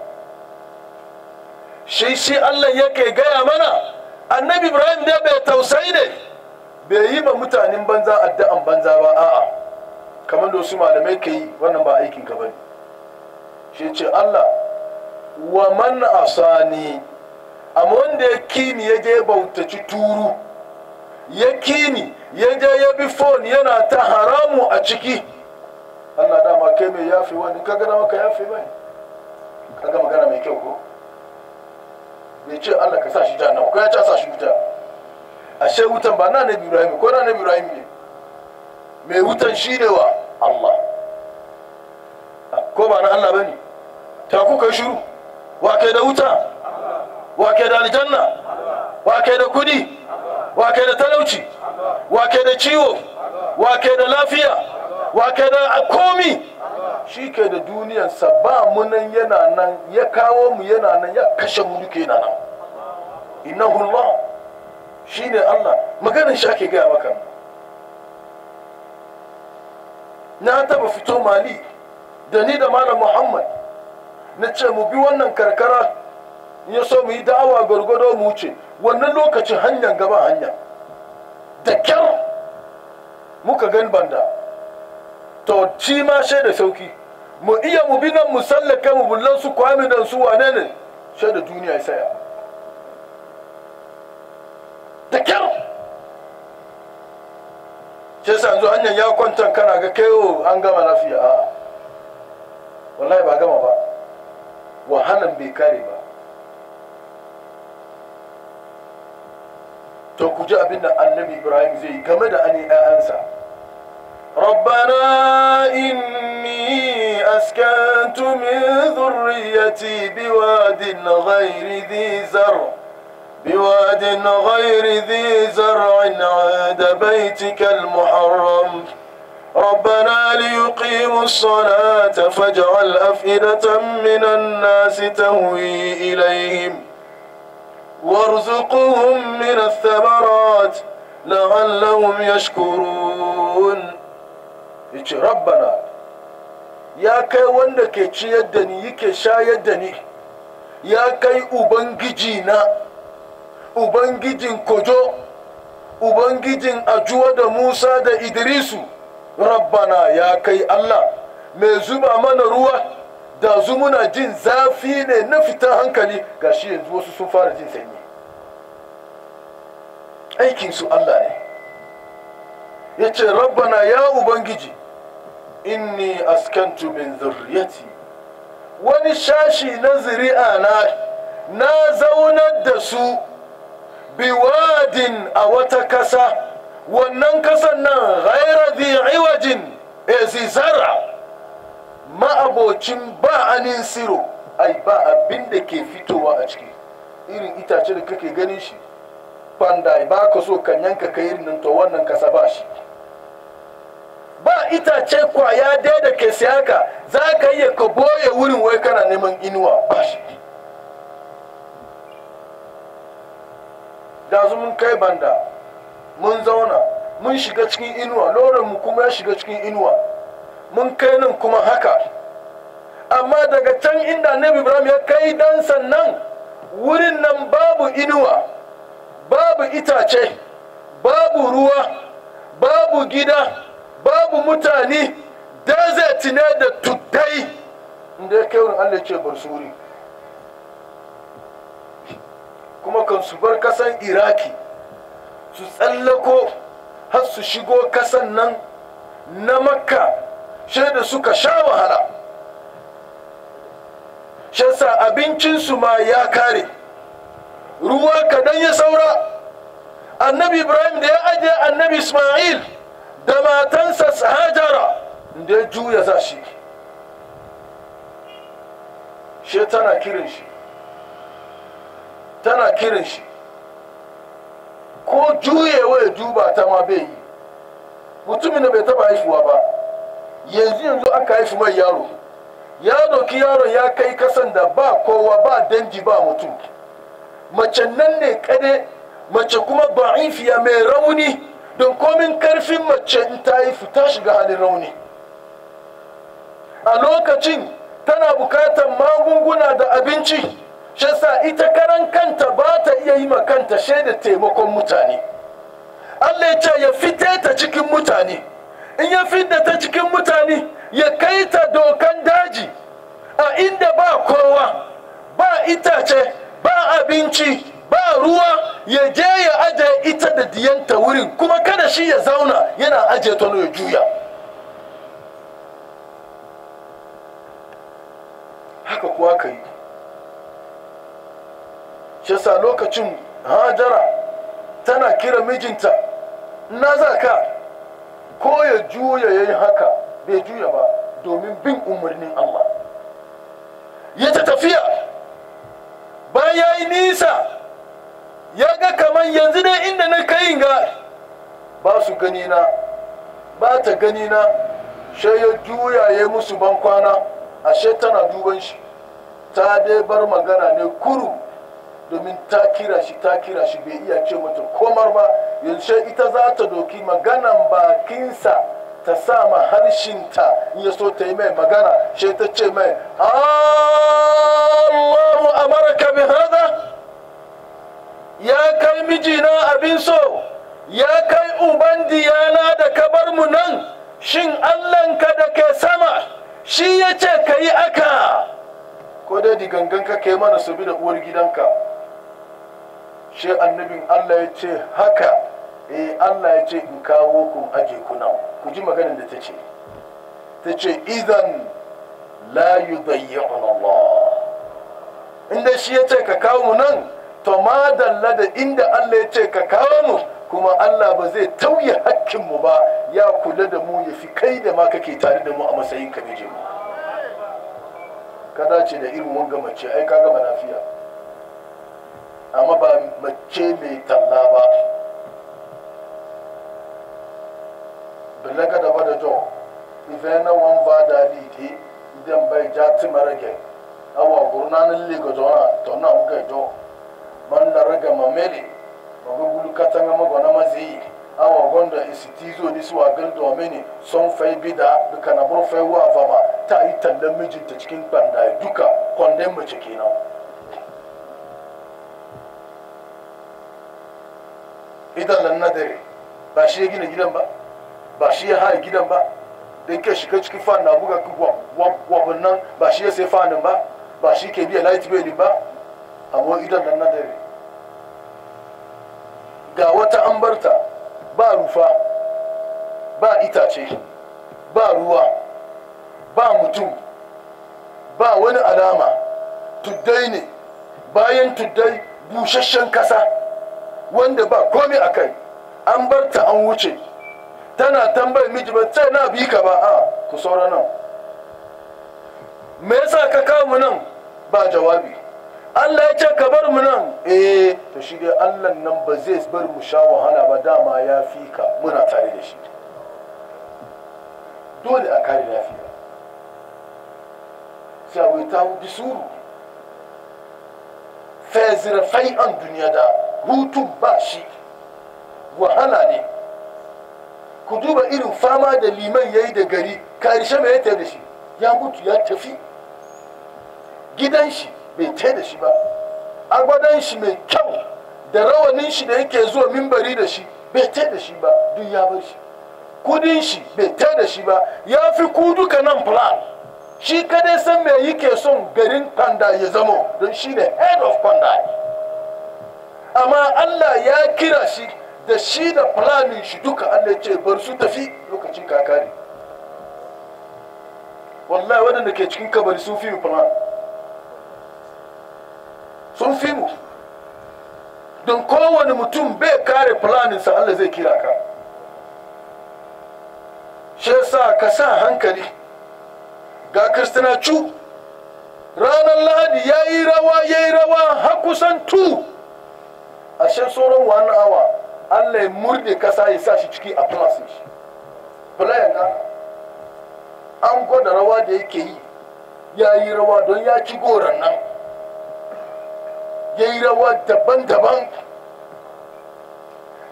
A: shi shi Allah ya kai gaya mana annabi Ibrahim da bai tausayi ne bai yi ba mutanen banza addu'an banza ba a'a kamar da wasu malamai ka yi wannan ba aikin ka bane shi ce Allah wa man asani amma wanda ya kini ya je bautaci turu ya kini ya je ya bi fon yana ta haramu a ciki Allah dama kai mai yafi wani kaga dama ka yafi Ka kaga magana mai kyau ko bai ce Allah ka sa shi jahannama ko ya ce sa shi wuta ashe wutan ba na nabi Ibrahim ko na nabi Ibrahim ne mai wutan shi ne wa Allah ko ba na Allah bane ta kuka shiru wa kai da wuta wa kai da aljanna wa kai da kudi wa kai da talauci wa kai da ciwo wa kai da lafiya wa kai da komi shi ke da duniyarsa ba mu nan yana nan ya kawo mu yana nan ya kashe mu duke yana nan innahu Allah shine Allah maganar shi ake gaya maka na taba fito mali da ni da malam muhammad na ce mu bi wannan karkara ya so mu yi da'awa gwargwado mu wuce wannan lokacin hanyar gaba hanya da kyar muka gan banda to ci ma da sauki mu iya mu bi nan mu mu bullan su kwami dan su wane ne da duniya ya saya da kyar ce sa zo hanyar ya kwanta kana ga kaiwo an gama lafiya a wallahi ba gama ba wahalan bai kare ba to ku ji abin da annabi ibrahim zai yi game da ani ayansa ربنا إني أسكنت من ذريتي بواد غير ذي زرع بواد غير ذي زرع عاد بيتك المحرم ربنا ليقيموا الصلاة فاجعل أفئدة من الناس تهوي إليهم وارزقهم من الثمرات لعلهم يشكرون ربنا يا كي وندك يدني يا كي أبنجينا ubangijin kojo ubangijin ajuwa da musa da idrisu rabbana ya kai allah mai zuba mana ruwa da zumuna jin zafi ne na fitan hankali ga shi yanzu wasu sun fara jin sanyi aikinsu allah ne ya ce rabbana ya ubangiji inni askantu min zurriyati wani shashi na zuri'a na na zaunar da su biwadin a wata kasa wannan kasan nan ghaira eh, zi iwajin ezizara ma'abocin ba anin siro ai ba abin da ke fitowa a ciki irin itace da kake ganin shi banda ba ka so kan yanka ka irin nan to wannan kasa ba shi ba itace kwaya dai da ke siyaka za ka iya ka boye wurin wai kana neman inuwa ba shi yanzu mun kai banda mun zauna mun shiga cikin inuwa lorin mu kuma ya shiga cikin inuwa mun kai nan kuma haka amma daga can inda annabi ibrahim ya kai dan sannan wurin nan babu inuwa babu itace babu ruwa babu gida babu mutane desert ne da tuddai inda ya kai wurin allah ce barsuri kuma kan su bar kasan iraki su tsallako har su shigo kasan nan na makka shaida suka sha wahala shasa abincinsu ma ya kare ruwa kadan ya saura annabi ibrahim da ya ajiye annabi ismail da matansa hajara da ya juya za shi shi tana kirin shi tana kiran shi ko juyewa ya duba ta ma bai yi mutumin da bai taba haifuwa ba yanzu yanzu aka haifi mai yaro ya doki yaron ya kai kasan da ba kowa ba dangi ba mutum mace nan ne kade mace kuma ba'ifiya mai rauni don komin karfin mace in ta yi fita shiga halin rauni a lokacin tana bukatar magunguna da abinci shi ita karan kanta ba ta iya yi ma kanta shaida taimakon mutane Allah ya ce ya fite ta cikin mutane in ya fidda ta cikin mutane ya kai ta dokan daji a inda ba kowa ba itace ba abinci ba ruwa ya je ya aje ita da diyanta wurin kuma kada shi ya zauna yana aje ta ya juya haka kuwa ka yi shi yasa lokacin hajara tana kira mijinta na zaka ka ko ya juya ya yi haka bai juya ba domin bin umarnin Allah ya ta tafiya bayan ya yi nisa ya ga kamar yanzu dai inda na kayin ga ba su gani na ba ta gani na shi ya juya ya musu bankwana, ashe tana duban shi ta dai bar magana ne kuru domin ta kira shi ta kira shi bai iya ce mata komar ba yanzu sai ita za ta doki maganan bakinsa ta sa ma harshinta in ya so ta yi mai magana Sai ta ce mai Allahu amarka bi hada ya kai mijina abin so ya kai uban diyana da ka bar mu nan shin Allahnka da ke sama shi ya ce ka yi aka ko dai digangan ka kai mana su bi da uwar gidanka shi annabin Allah ya ce haka eh Allah ya ce in kawo ku aje kuna ku ji maganar da ta ce ta ce idan la yudayyi'un Allah inda shi ya ce ka kawo mu nan to lada da inda Allah ya ce ka kawo mu kuma Allah ba zai tauye mu ba ya kula da mu ya fi kai da ma kake tare da mu a matsayin ka mu ka dace da irin wanga mace ai ka gama lafiya amma ba mace mai talla ba bilaka da bada jo ife na wan da lidi idan bai ja timarage awa gurnanin liga jona to na muka jo man da raga mameli ba ga gulu katanga magona mazi awa gonda isitizo ni suwa gal domini son fai bida duka na fai wa fama ta yi tallan mijinta cikin kwanda duka kwandon mace kenan idan nan na dare ba shi ya gina gidan ba ba shi ya haye gidan ba da ke shiga cikin fan na buga wabin nan ba shi ya sai fanin ba ba shi ke biya light bill ba amma idan nan na dare ga wata an barta ba rufa ba itace ba ruwa ba mutum ba wani alama tuddai ne bayan tuddai busasshen kasa wanda ba komai a kai an bar ta an wuce tana tambayar miji ba ce na bi ka ba a ku saura nan me yasa ka kamu nan ba jawabi Allah ya ce ka bar mu nan eh to shi dai Allah nan ba zai bar mu sha wahala ba dama ya fi ka muna tare da shi dole a kare lafiya sai a wuta bisuru fezira fai'an duniya da hutun ba shi wahala ne ku duba irin fama da liman ya yi da gari karshe mai ya da shi ya mutu ya tafi gidan shi bai ta da shi ba agwadon shi mai kyau da rawanin shi da yake zuwa mimbari da shi bai ta da shi ba duk ya bar shi kudin shi bai ta da shi ba ya fi kuduka nan plan shi kadai san me yake son garin panda ya zamo don shi ne head of panda amma Allah ya kira shi da shi da fulanin shi duka Allah ya ce bar su tafi lokacin kaka ne wallahi waɗanda ke cikin kabari sun fi mu fulan sun fi mu don kowane mutum bai kare fulaninsa Allah zai kira ka shi sa ka sa hankali ga kristina cu ranar lahadi ya yi rawa ya yi rawa har kusan tu A shan sauran wani awa allah ya murɗe kasa ya sa shi ciki a plasin shi playan ga an gwada rawa da yake yi ya yi rawa don ya ci goron nan ya yi rawa daban-daban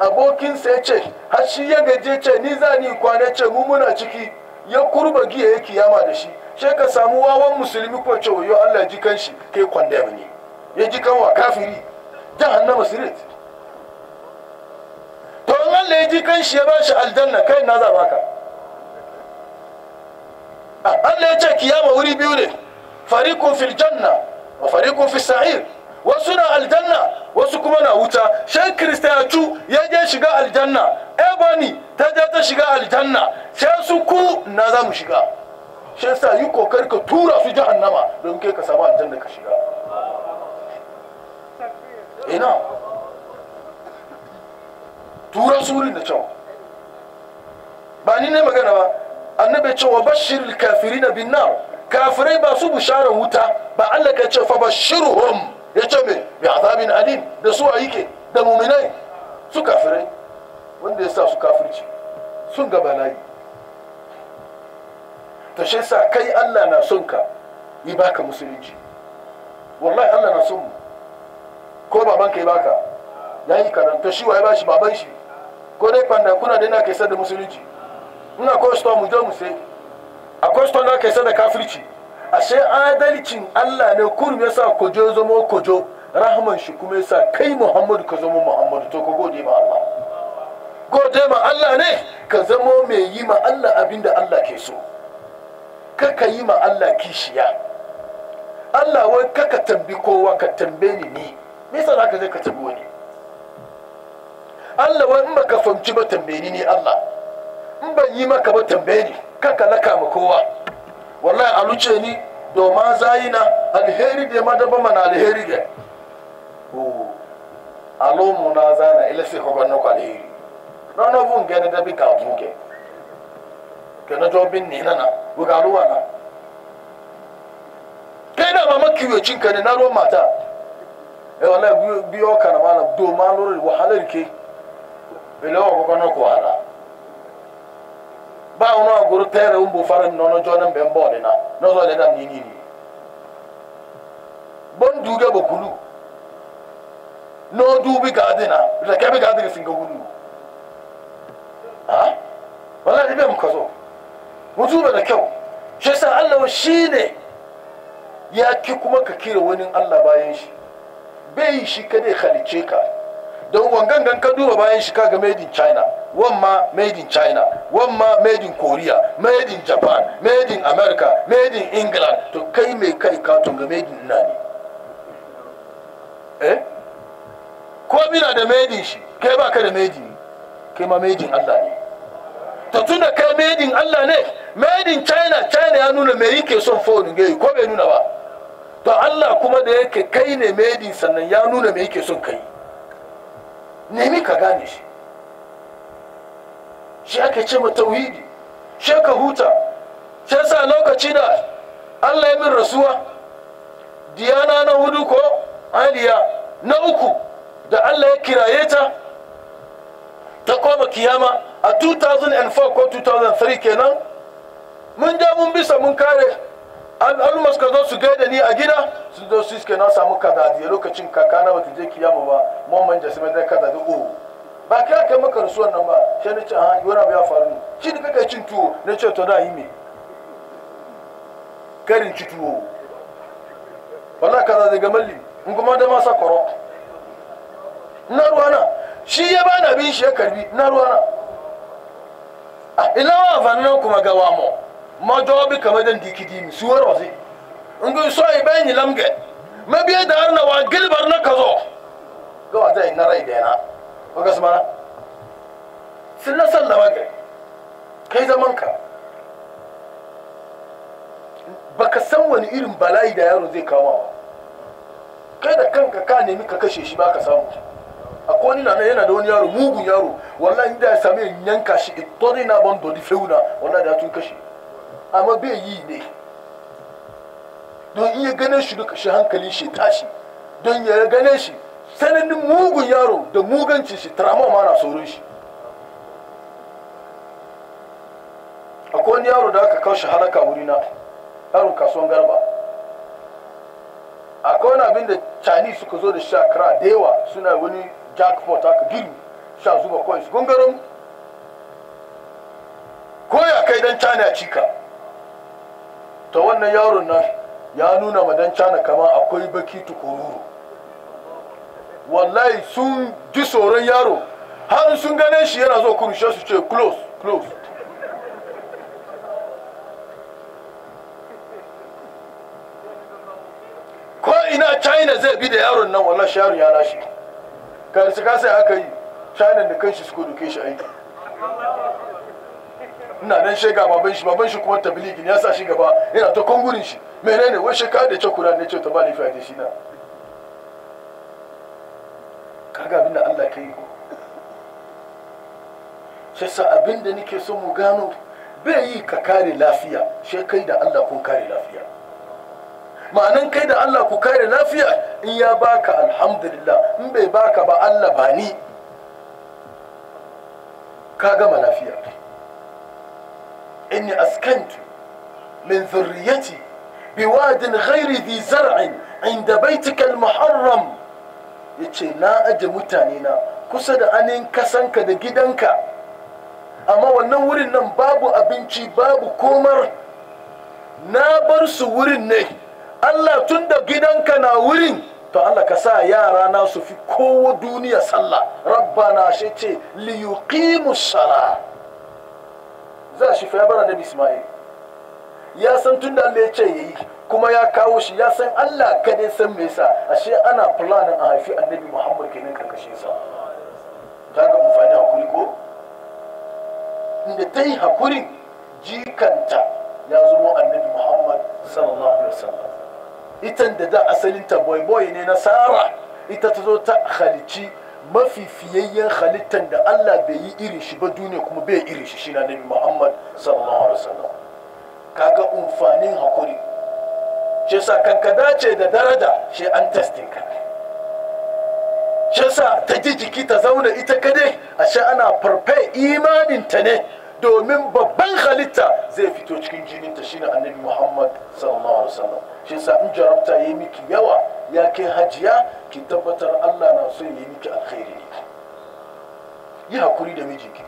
A: abokinsa ya ce har shi ya gaje ce ni za ni kwana ce mu muna ciki ya kurba giya ya kiyama da shi sai ka samu wawan musulmi ko ce Allah ji kan shi kai kwanda ne ya ji kan wa kafiri jahannama sirit to an Allah ya ji kan shi ya ba shi aljanna kai na za baka Allah ya ce kiyama wuri biyu ne fariqun fil janna wa fariqun fis sa'ir wasu na aljanna wasu kuma na wuta shan kiristiyacu ya je shiga aljanna ebony ta je ta shiga aljanna sai su ku na za mu shiga shan sa yi kokari ka tura su jahannama don kai ka samu aljanna ka shiga ina tura surin na cewa ba ni ne magana ba annabi ce wa bashir kafiri na bin nar kafirai ba su bisharar wuta ba Allah ka ce fa bashirhum ya ce me bi azabin alim da su ayike da muminai su kafirai wanda ya sa su kafirci sun ga yi to shi sa kai Allah na son ka yi baka musulunci wallahi Allah na son mu ko baban ka ya baka ya yi karanta shi ba bashi baban shi ko dai kwanda kuna dai na kai da musulunci ina ko sto mu je mu sai akwai sto na kai da kafirci ashe adalcin Allah ne kurum yasa kojo zama kojo rahman shi kuma yasa kai Muhammadu ka zama Muhammadu to ko gode ma Allah gode ma Allah ne ka zama mai yi ma Allah abinda Allah ke so kaka yi ma Allah kishiya Allah wai kaka tambi kowa ka tambe ni ni nisa za ka zai ka ci wani Allah wa in ka sonci ba tambayi ne Allah in ban yi maka ba tambayi ne ka laka ma kowa wallahi a luce ni doma zayina alheri da ma daba mana alheri da oh, alo na zana ila sai ko no alheri nono no bun gene da bi ka bun ke kana to bin ni nana bu ga ruwa na kai da mama kiwo cinka ne na ruwa mata e bi biyo kana mana do malor wahalar ke ele o ko no ko ala ba ono guru tere umbu faran no no jonan be mbode na no so le dam ni ni bon duga bo kulu no dubi gadina le ke be gadina singa wunu ha wala ibe mu kazo mutuba da kyau shi yasa Allah shi ne ya ki kuma ka kira wani Allah bayan shi bai shi ka ne halice ka don wangan gan ka duba bayan shi kaga made in china wamma made in china wamma made in korea made in japan made in america made in england to kai mai kai ka tunga made in ina ne eh ko bina da made in shi kai ba ka da made in kai ma made in allah ne to tunda kai made in allah ne made in china china ya nuna me yake son phone ga ko bai nuna ba to Allah kuma da yake kai ne medi sannan ya nuna me yake son kai nemi ka gane shi shi aka ce ma tauhidi shi aka huta shi sa lokaci da Allah ya min rasuwa diyana na hudu ko aliya na uku da Allah ya kiraye ta ta koma kiyama a 2004 ko 2003 kenan mun ja mun bisa mun kare al'umma suka zo su gaida ni a gida su zo su suke na samu kaza a lokacin na wata je kiyama ba mamman jasimai da kaza da o ba kira kai maka rasuwan nan ba shi ne ce a wani ya faru ne shi da kake cin tuwo na ce to da yi me karin ci tuwo wala kaza ga malli in kuma da masa kwaro na ruwana shi ya bana bin shi ya karbi na ruwana ah, a wa fannin kuma gawa mu majobi bi kama dan diki dimi suwar wasi ngi so i be lamge ma bi dar na wa gilbar na kazo ga wa dai na rai da na waga sumana sunna sallama ga kai zaman ka baka san wani irin bala'i da yaro zai kama wa kai da kanka ka nemi ka kashe shi ba ka samu a koni na yana da wani yaro mugun yaro wallahi da ya same yanka shi ittori na bando dodi feuna wallahi da tun kashe amma bai yi ne don iya ganin shi duka shi hankali shi tashi don ya gane shi sanannin mugun yaro da muganci shi tarama ma na tsoron shi akwai wani yaro da aka kaushe halaka na yaron kasuwan garba akwai wani abin da cani suka zo da sha kara da yawa suna wani jackpot aka girbi sha zuba coins gungaron ko ya kai dan cani a cika ta wannan yaron nan ya nuna madan cana kama akwai baki tukururu wallahi sun ji tsoron yaro har sun gane shi yana zo kurushe su ce close close ko ina china zai bi da yaron nan wallahi shi yaron ya lashe karsu kasa aka yi china da kan shi suka duke shi aiki ina nan shega baban shi baban shi kuma tabligi ne ya sa shi gaba yana ta kongurin shi menene wai sheka da ce kura ne ce ta ba ni da shi na kaga abinda Allah ka yi shi sa abinda nake so mu gano bai yi ka kare lafiya shi kai da Allah kun kare lafiya ma'anan kai da Allah ku kare lafiya in ya baka alhamdulillah in bai baka ba Allah ba ni ka gama lafiya إني أسكنت من ذريتي بواد غير ذي زرع عند بيتك المحرم yace na aje mutane na kusa da anin kasanka da gidanka amma wannan wurin nan babu abinci babu komar na bar su wurin ne Allah tun da gidanka na wurin to Allah ka sa yara na su fi kowa duniya sallah rabbana shi ce liyuqimus salah za shi fa ya bar annabi Ismail ya san tunda Allah ya ce yayi kuma ya kawo shi ya san Allah ka kadai san me yasa ashe ana planin a haifi annabi Muhammad kenan karkashin sa kaga amfani hakuri ko inda ta yi hakurin jikanta ya zama annabi Muhammad sallallahu alaihi wasallam itan da da asalin ta boy boy ne na Sara ita ta zo ta halici Mafi mafifiyayyen halittar da Allah bai yi irin shi ba duniya kuma bai irin shi shine Nabi Muhammad sallallahu alaihi wasallam kaga umfanin hakuri shi sa kanka dace da daraja shi an testing ka shi sa ta ji jiki ta zauna ita kade ashe ana farfe imanin ta ne domin babban halitta zai fito cikin jinin ta shine annabi muhammad sallallahu alaihi wasallam shi sa in jarabta yi miki yawa ya kai hajiya ki tabbatar allah na so yi miki alkhairi ne yi hakuri da mijinki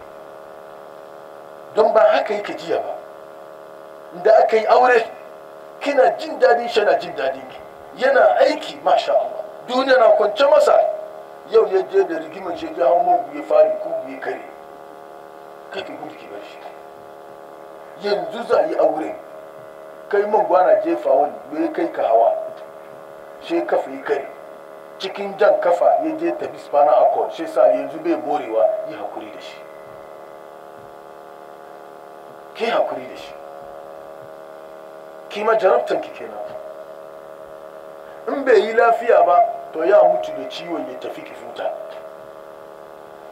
A: don ba haka yake jiya ba da aka yi aure kina jin daɗin shi na jin daɗin ki yana aiki masha Allah duniya na kwance masa yau ya je da rigimar shi ya hau ya fari ko ya kare ke gudu ki bar shi yanzu za a yi aure kai man gwana jefa wani me kai ka hawa she kafa yi kai cikin jan kafa ya je ta bispana akon she sa yanzu bai borewa yi hakuri da shi ke hakuri da shi kima jarabtan ki kenan in bai yi lafiya ba to ya mutu da ciwon ya tafi ki futa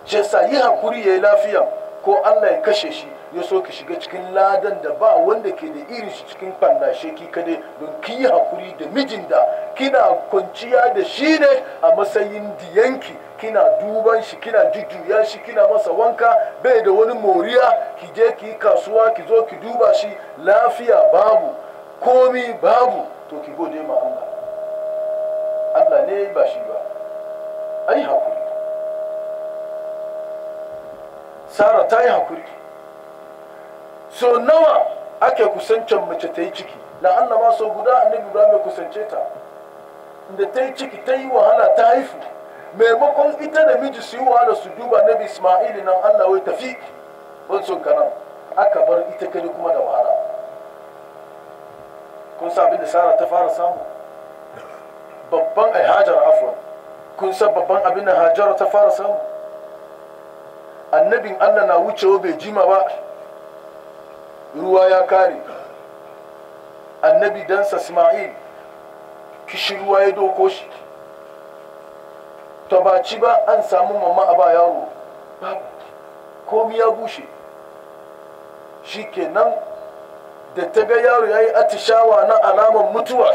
A: ce sa yi hakuri ya yi lafiya ko Allah ya kashe shi ya so ki shiga cikin ladan da ba wanda ke da irin shi cikin fallashe ki kade don ki yi hakuri da mijin da kina kwanciya da shi ne a matsayin diyanki kina duban shi kina jujjuya shi kina masa wanka bai da wani moriya ki je ki kasuwa ki zo ki duba shi lafiya babu komi babu to ki gode ma Allah ne ba shi ba ai hakuri sara ta yi hakuri so nawa ake kusancin mace ta yi ciki la'alla ma sau guda annabi ibrahim ya kusance ta da ta yi ciki ta yi wahala ta haifu maimakon ita da miji su yi wahala su duba nabi isma'ili nan allah wai tafi ban son kanan aka bar ita kare kuma da wahala kun sa abin da sara ta fara samu babban ai hajar afwan kun san babban abin da hajar ta fara samu annabin allah na wucewa bai jima ba ruwa ya kare annabi dansa ismail kishi ruwa ya doko shi ta ba ci ba an samu mamma a ba yaro Ba. komi ya bushe shi kenan da ta ga yaro ya yi atishawa na alamar mutuwa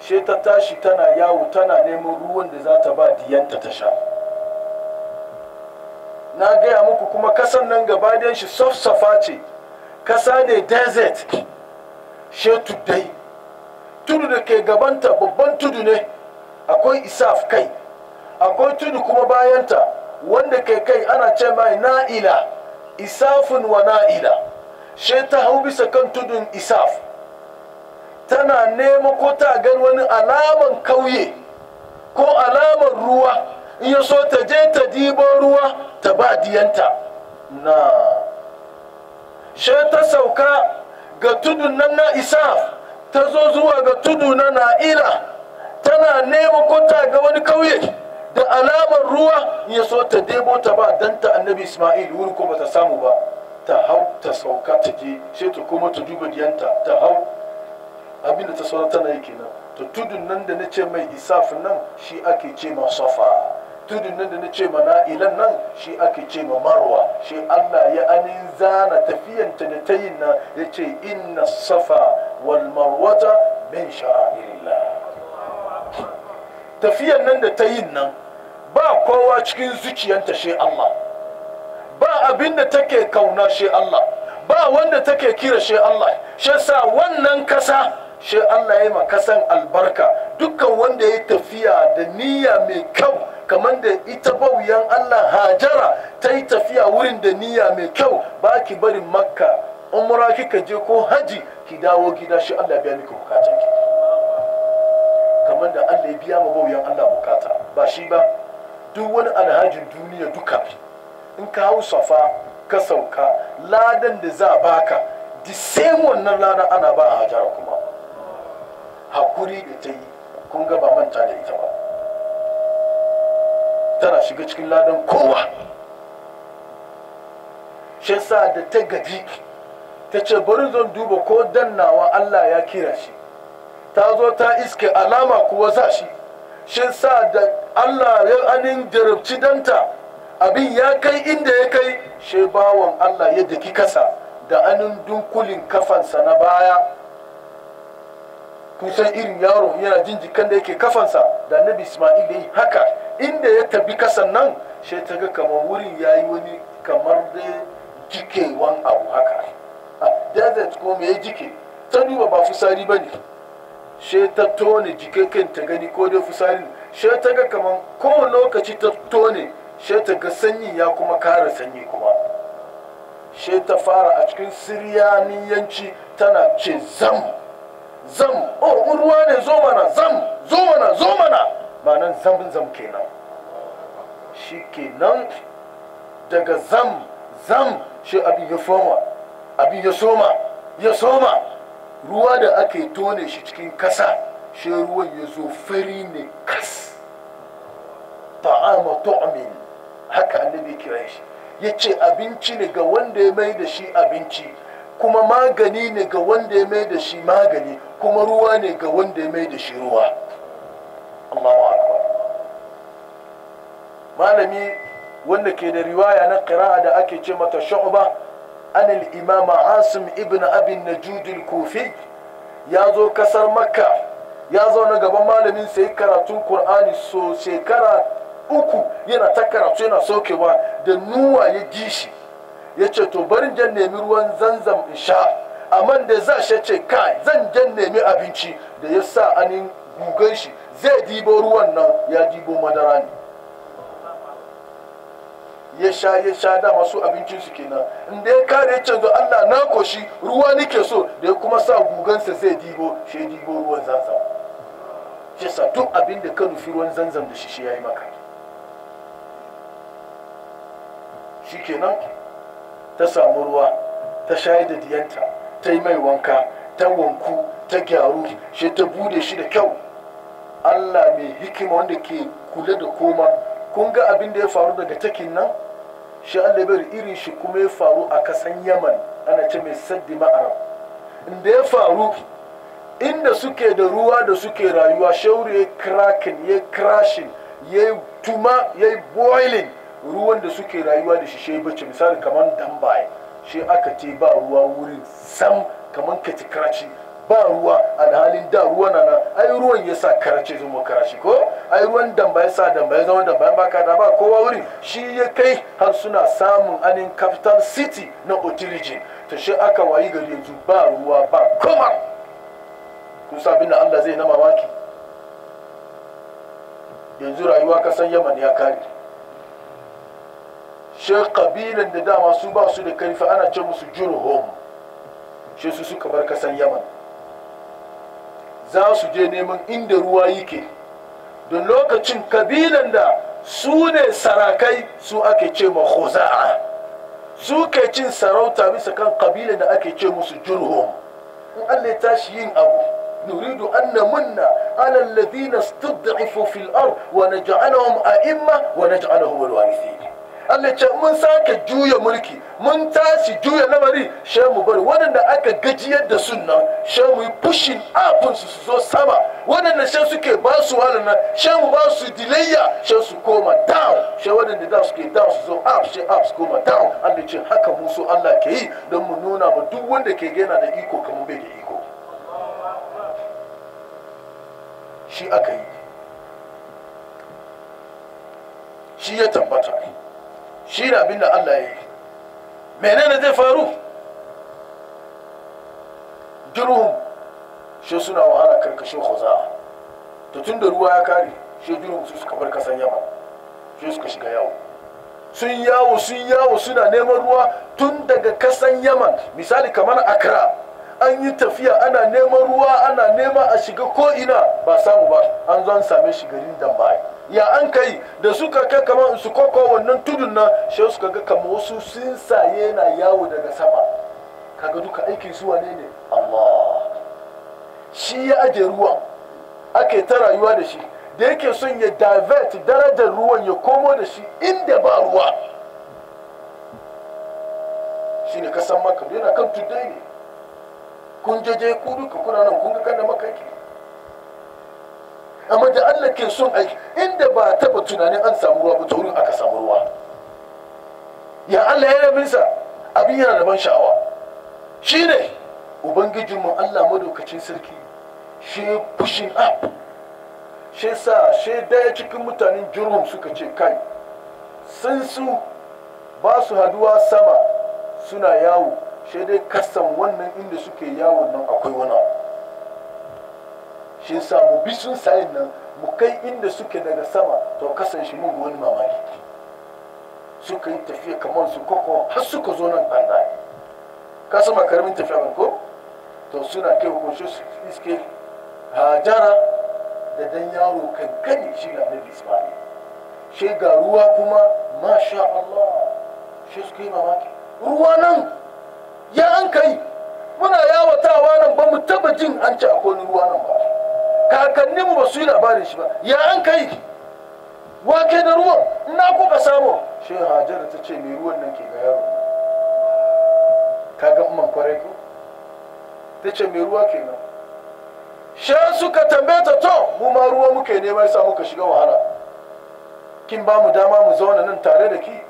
A: shi ta tashi tana yawo tana neman ruwan da za ta ba diyanta ta sha na gaya muku kuma kasan nan gabaɗayan shi safsafa ce kasa ne desert she tuddai tudu da ke gabanta babban tudu ne akwai isaf kai akwai tudu kuma bayanta wanda ke kai ana ce mai na'ila isafin wa na'ila she ta hau bisa kan tudun isaf tana nema ko ta gan wani alaman kauye ko alaman ruwa in ya so ta je ta dibo ruwa ta ba diyanta na shi ta sauka ga tudun nan na isa ta zo zuwa ga tudu na na'ila tana nema kota ga wani kauye da alamar ruwa ya so ta debo ta ba danta annabi ismail wuri ko bata samu ba ta hau ta sauka ta je sai ta koma ta duba diyanta ta hau abinda ta saura tana yi kenan ta tudun nan da na ce mai isaf nan shi ake ce ma safa tudun nan da na ce mana ilan nan shi ake ce ma marwa shi Allah ya anin zana tafiyan ta da tayin nan ya ce inna safa wal marwata min sha'irillah tafiyan nan da tayin nan ba kowa cikin zuciyanta shi Allah ba abin da take kauna shi Allah ba wanda take kira shi Allah shi sa wannan kasa shi Allah ya ma kasan albarka dukkan wanda ya tafiya da niyya mai kyau kamar da ita bauyan Allah hajara ta yi tafiya wurin da niyya mai kyau ba ki bari makka umra kika je ko haji ki dawo gida shi Allah biya miki bukatan ki kamar da Allah ya biya ma bauyan Allah bukata ba shi ba duk wani alhajin duniya duka in ka hau safa ka sauka ladan da za a baka di same wannan ladan ana ba a hajara kuma hakuri da ta yi kun ga ba manta da ita ba tana shiga cikin ladan kowa shi sa da ta gaji ta ce bari zan duba ko dannawa Allah ya kira shi ta zo ta iske alama kuwa za shi shi sa da Allah ya anin jarabci danta abin ya kai inda ya kai shi bawan Allah ya daki kasa da anin dunkulin kafansa na baya kusan irin yaro yana jin jikan da yake kafansa da annabi isma'il yi haka inda ya tabi kasan nan shi ta ga kamar wurin ya yi wani kamar da wani abu haka a ah, desert ko me jike ta duba ba fusari ba ne shai ta tone jike kan ta gani ko dai fusari ne ta ga kamar kowane lokaci ta tone shai ta ga sanyi ya kuma kara sanyi kuma shai ta fara a cikin siriyaniyanci tana ce zam zam oh ruwa ne zo mana zam zo mana zo mana nan zam zam kenan shi kenan daga zam zam shi abin ya soma abin ya soma ya soma ruwa da ake tone shi cikin kasa shi ruwan ya zo fari ne kas ta'ama tu'min haka annabi kira shi ya abinci ne ga wanda ya mai da shi abinci kuma magani ne ga wanda ya mai da shi magani kuma ruwa ne ga wanda ya mai da shi ruwa malami wanda ke da riwaya na kira'a da ake ce mata shu'ba an al-imam asim ibn abin najud al-kufi ya zo kasar makka ya zo na gaban malamin sai karatun qur'ani so shekara uku yana ta karatu yana sokewa da nuwa ya ji shi ya ce to barin jan nemi ruwan zanzam in sha amma da za shi ce kai zan jan nemi abinci da ya sa anin gugan shi zai dibo ruwan nan ya dibo madara ne ya sha ya sha dama su abincin su kenan inda ya kare ya canzo Allah na koshi ruwa nike so da ya kuma sa sa zai dibo shi dibo ruwan zanzam shi sa duk abin da ka nufi ruwan zanzam da shi shi yayi maka shi kenan. ta samu ruwa ta shayar da diyanta ta yi mai wanka ta wanku ta gyaru shi ta bude shi da kyau allah mai hikima wanda ke kula da koma kun ga abin da ya faru daga takin nan shi allah bai irin shi kuma ya faru a kasan yaman ana ce mai saddi ma'arab inda ya faru inda suke da ruwa da suke rayuwa shauri ya kraken ya crashing ya tuma ya boiling ruwan da suke rayuwa da shi shai bacci misali kamar dambaye shi aka ce ba ruwa wurin sam kamar karaci ba ruwa alhalin da ruwa na ai ruwan ya sa karaci zama karashi ko ai ruwan dambaye sa dambaye zama dambaye ba ka da ba kowa wurin shi ya kai har suna samun anin capital city na otiriji to shi aka wayi gari yanzu ba ruwa ba kuma kun sabin da Allah zai na mamaki yanzu rayuwa kasan yaman ya kare shi kabilan da dama su ba su da karfi ana ce musu jurhum shi su suka bar kasan yaman za su je neman inda ruwa yake don lokacin kabilan da su ne sarakai su ake ce ma khuza'a su ke cin sarauta bisa kan kabilan da ake ce musu jurhum in Allah ya tashi yin abu نريد أن نمن على الذين استضعفوا في الأرض ونجعلهم أئمة ونجعلهم الوارثين Allah ce mun sake juya mulki mun tashi juya lamari shemu mu bari waɗanda aka gajiyar da sunna shemu mu yi pushing up su zo sama waɗanda shan suke ba su waɗanda she mu ba su dilayya shan su koma down shan waɗanda da suke down su zo up she up su koma down Allah ce haka mu so Allah ke yi don mu nuna ba duk wanda ke yana da iko kamar bai da iko shi aka yi shi ya tabbata shi da abin da Allah ya yi menene zai faru Jirgin, shi suna wahala karkashin hoza ta tun da ruwa ya kare shi dirhum su suka bar kasan yamma, shi suka shiga yawo sun yawo sun yawo suna neman ruwa tun daga kasan yamma, misali kamar accra an yi tafiya ana neman ruwa ana nema a shiga ko'ina ba samu ba an zo an same shi garin dambai ya an kai da suka kai kamar su koko wannan tudun nan shi suka ga kamar wasu sun saye na yawo daga sama kaga duka aikin su wane ne Allah shi ya aje ruwa ake ta rayuwa da shi da yake son ya divert darajar ruwan ya komo da shi inda ba ruwa shi ne kasan maka yana kan tuddai ne kun jeje ku duka kuna nan kun ga kan da maka yake amma da Allah ke son aiki inda ba taba tunanin an samu ruwa ba ta wurin aka samu ruwa ya Allah ya sa abin yana da ban sha'awa shine ubangijin mu Allah madaukacin sarki she pushing up she sa she daya cikin mutanen jirgin suka ce kai sun su ba su haduwa sama suna yawo she dai kasan wannan inda suke yawon nan akwai wani abu shi yasa mu bi sun sayin nan mu kai inda suke daga sama to kasan shi mun wani mamaki suka yi tafiya kamar su koko har suka zo nan kanda ka sama karamin tafiya ko to suna kai hukunci su iske hajara da dan yaro kankani shi ga annabi ismail shi ga ruwa kuma masha Allah shi suka yi mamaki ruwa nan ya an kai muna yawatawa nan ba mu taba jin an ci akwai ruwa nan ba kakanninmu ba su yi labarin shi ba ya an kai wake da ruwan na kuka samu shi hajjar ta ce mai ruwan nan ke ga yaro ka gan man kwarai ko ta ce mai ruwa ke nan shan suka tambaye ta to mu ma ruwa muke nema yasa muka shiga wahala kin ba mu dama mu zauna nan tare da ki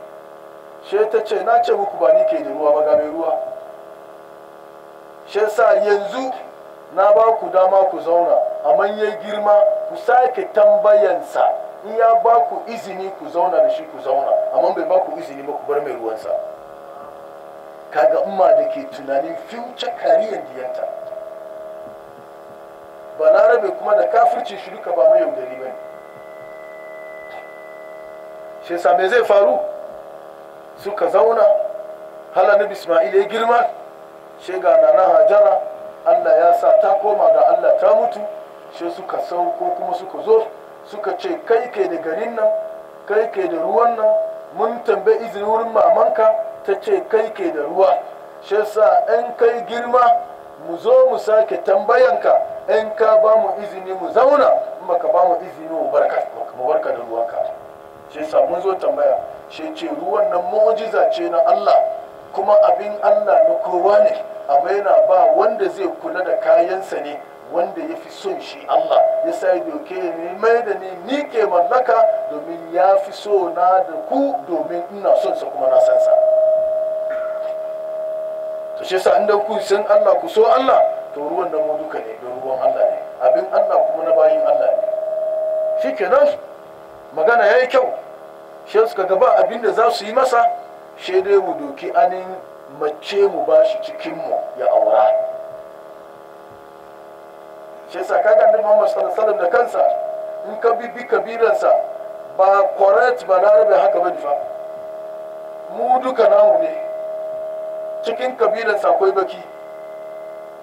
A: shi ta ce na ce muku ba ni ke da ruwa ba ga mai ruwa shi sa yanzu na ba ku dama ku zauna amma ya girma ku sake tambayansa in ya ba ku izini ku zauna da shi ku zauna amma bai ba ku izini ba ku bar mai ruwansa kaga umma da ke tunanin future career diyanta rabe kuma da kafircin shi duka ba mai yaudari ba ne shi me zai faru suka zauna hala na bisma'ila ya girma shi ga nana hajara allah ya sa ta koma ga allah ta mutu shi suka sauko kuma suka zo suka ce kai ke da garin nan kai ke da ruwan nan mun tambayi izini wurin mamanka ta ce kai ke da ruwa shi sa in kai girma mu zo mu sake tambayanka in ka ba mu izini mu zauna in baka ba mu izini mu barka da ka shi sa mun zo tambaya shi ce ruwan nan mu'ujiza ce na Allah kuma abin Allah na kowa ne amma yana ba wanda zai kula da kayansa ne wanda ya fi son shi Allah ya sa ya doke ni, mai da ni ni ke mallaka domin ya fi so na da ku domin ina son sa kuma na san sa to shi sa inda ku san Allah ku so Allah to ruwan da mu duka ne da ruwan Allah ne abin Allah kuma na bayin Allah ne shikenan magana yayi kyau shi suka gaba abin da za su yi masa shi dai mu doki anin mace mu ba shi cikinmu ya aura shi sa kaga annabi Muhammad sallallahu alaihi da kansa in ka bi bi kabiransa ba correct ba na larabe haka ba fa mu duka namu ne cikin kabilansa akwai baki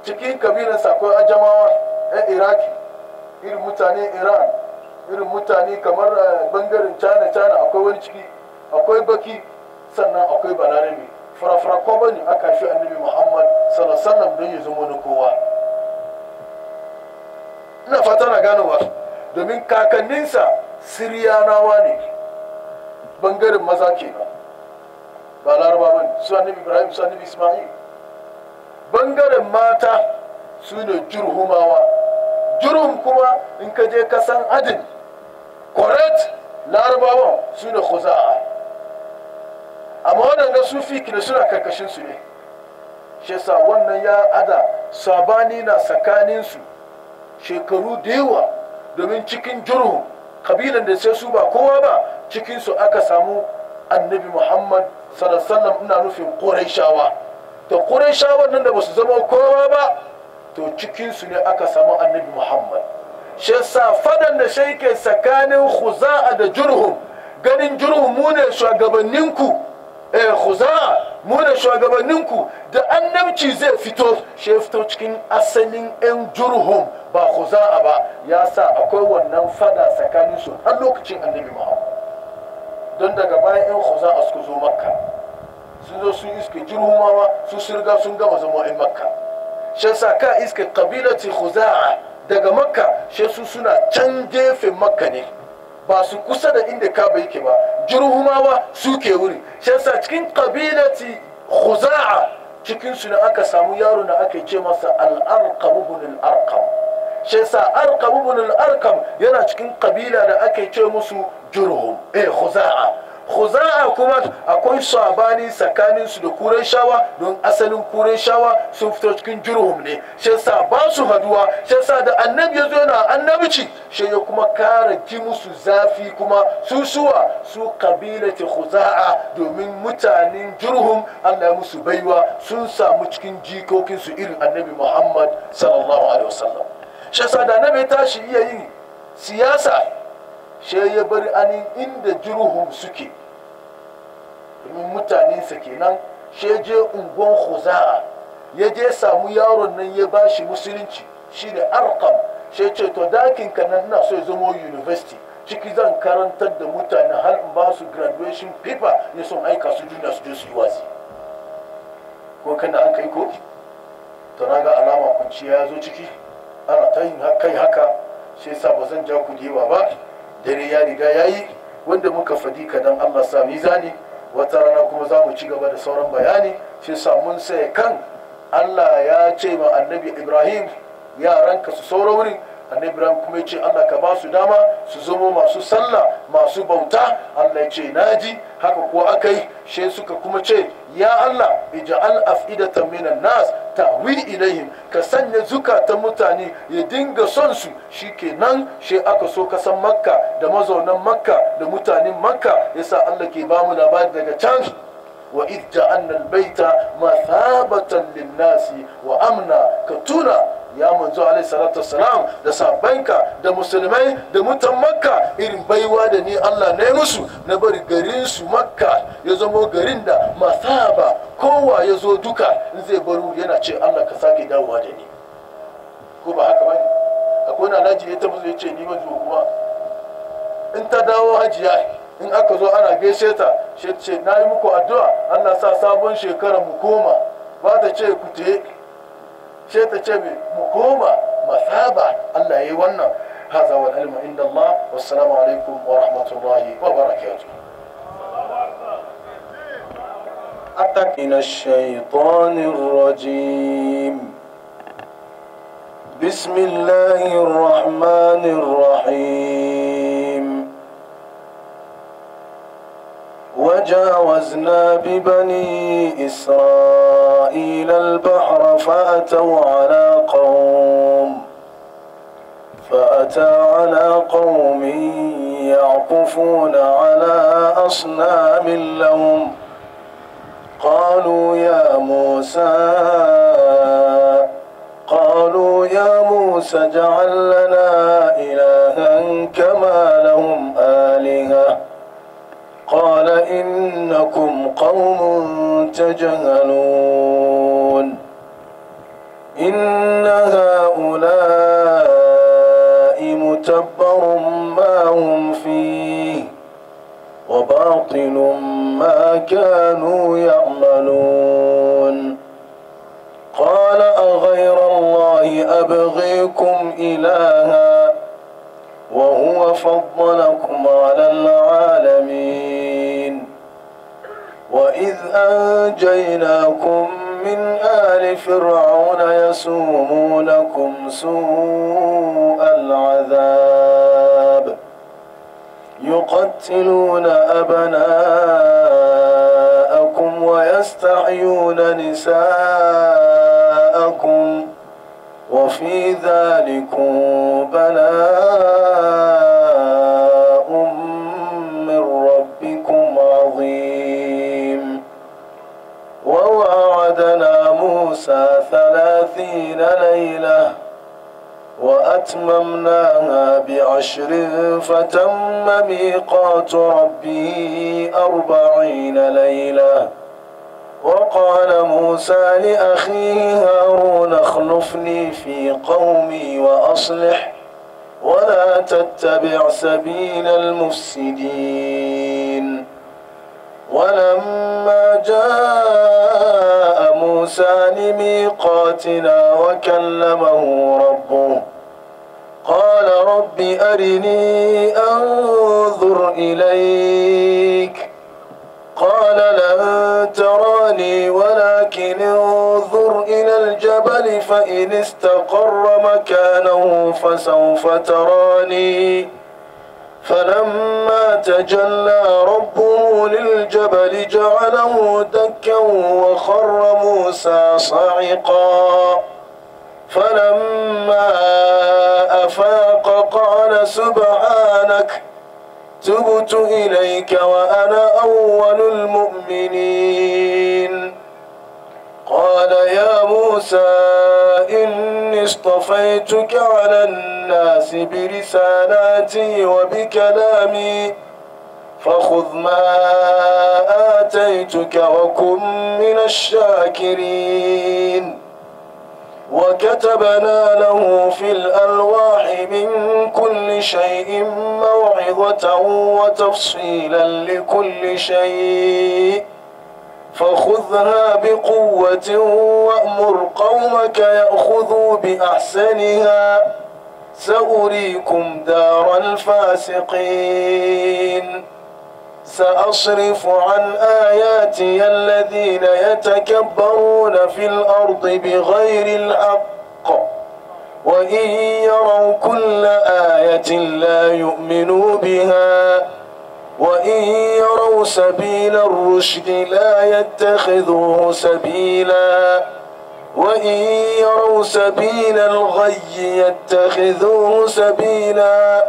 A: cikin kabilansa akwai ajamawa yan iraki irin mutane iran irin mutane kamar eh, bangaren china china akwai wani ciki akwai baki sannan akwai balarabe farafara ko ne aka shi annabi muhammad sannan don yi zama wani kowa ina fata na gane wasu domin kakanninsa siriyanawa ne bangaren maza ke ba laraba ba ne su annabi ibrahim su annabi ismail bangaren mata su ne jurhumawa jurhum kuma in ka je kasan adin koret larabawan su ne khuza'a amma waɗanda sufi kina suna karkashin su ne shi wannan ya ada sabani na tsakanin su shekaru da yawa domin cikin jurhu kabilan da sai su ba kowa ba cikin su aka samu annabi muhammad sallallahu ina nufin qurayshawa to qurayshawan nan da su zama kowa ba to cikin su ne aka samu annabi muhammad shi yasa fadan da shi ke tsakanin khuza'a da jurhum ganin jurhum mu ne shugabanninku Eh, khuza mu da shugabanninku da annabci zai fito shi fito cikin asalin yan jurhum ba khuza ba ya sa akwai wannan fada tsakanin su har lokacin annabi muhammad don daga bayan yan khuza suka zo makka sun zo sun iske jurhumawa su shirga sun gama zama yan makka shi sa ka iske kabilati khuza'a daga makka shi su suna can gefe makka ne ba su kusa da inda kaba yake ba jirhumawa su ke wuri shi yasa cikin kabilati khuza'a cikin su ne aka samu yaro na aka ce masa al-arqam ibn al-arqam shi yasa arqam ibn al-arqam yana cikin kabila da aka ce musu jurhum eh khuza'a khuza'a kuma akwai sabani tsakanin su da kuren shawa don asalin kuren shawa sun fito cikin jurhum ne shi yasa ba su haduwa shi yasa da annabi ya zo yana annabici shi ya kuma kara ji musu zafi kuma su suwa su kabilati khuza'a domin mutanen jurhum Allah ya musu baiwa sun samu cikin jikokin su irin annabi Muhammad sallallahu alaihi wasallam shi yasa da annabi ya tashi iya yin siyasa she ya bari anin inda jiruhu suke domin mutanensa kenan she je unguwan khuza'a ya je samu yaron nan ya ba shi musulunci shi ne arkam she ce to dakin ka nan ina so ya zama university ciki zan karantar da mutane har in ba su graduation paper ne son aika su duniya su je su yi wasi ko kana an kai ko to na ga alama kunciya ya zo ciki ana ta yin kai haka sai ba zan ja ku da yawa ba dare ya riga ya yi wanda muka fadi kadan allah sa mizani wata rana kuma zamu mu ci gaba da sauran bayani shi sa mun sai kan allah ya ce ma annabi ibrahim yaranka su saura annabiran kuma ya ce allah ka ba su dama su zama masu sallah masu bauta allah ya ce naji haka kuwa aka yi shi suka kuma ce ya allah ija'al afidata minan nas tawi ilaihim ka sanya ta mutane ya dinga son su Shi shikenan shi aka so ka san makka da mazaunan makka da mutanen makka yasa allah ke ba mu labari daga can وإذ جعلنا البيت مثابة للناس وأمنا tuna. ya manzo alaihi salatu wassalam da sabanka da musulmai da mutan makka irin baiwa da ni Allah na musu na bari garin su makka ya zamo garin da masaba kowa ya zo duka in zai baro yana ce Allah ka sake dawowa da ni ko ba haka bane akwai wani alhaji ya tabbata ya ce ni ma kuma in ta dawo hajiya in aka zo ana gaishe ta shi ce na yi muku addu'a Allah sa sabon shekara mu koma ba ta ce ku te شيء تشبي مكومة مثابة الله يوانا هذا هو العلم عند الله والسلام عليكم ورحمة الله وبركاته من الشيطان الرجيم بسم الله الرحمن الرحيم وجاوزنا ببني إسرائيل البحر فأتوا على قوم فأتى على قوم يعطفون على أصنام لهم قالوا يا موسى قالوا يا موسى اجعل لنا إلها كما لهم آلهة قال إنكم قوم تجهلون إن هؤلاء متبر ما هم فيه وباطل ما كانوا يعملون قال أغير الله أبغيكم إلهًا وهو فضلكم على العالمين وإذ أنجيناكم من آل فرعون يسومونكم سوء العذاب يقتلون أبناءكم ويستحيون نساءكم وفي ذلك بلاء من ربكم عظيم ووعدنا موسى ثلاثين ليلة وأتممناها بعشر فتم ميقات ربه أربعين ليلة وقال موسى لأخيه وأفني في قومي وأصلح ولا تتبع سبيل المفسدين ولما جاء موسى لميقاتنا وكلمه ربه قال رب أرني أنظر إليك الجبال فإن استقر مكانه فسوف تراني فلما تجلى ربه للجبل جعله دكا وخر موسى صعقا فلما أفاق قال سبحانك تبت إليك وأنا أول المؤمنين قال يا موسى إني اصطفيتك على الناس برسالاتي وبكلامي فخذ ما آتيتك وكن من الشاكرين وكتبنا له في الألواح من كل شيء موعظة وتفصيلا لكل شيء فخذها بقوة وأمر قومك يأخذوا بأحسنها سأريكم دار الفاسقين سأصرف عن آياتي الذين يتكبرون في الأرض بغير الحق وإن يروا كل آية لا يؤمنوا بها وإن يروا سبيل الرشد لا يتخذوه سبيلا وإن يروا سبيل الغي يتخذوه سبيلا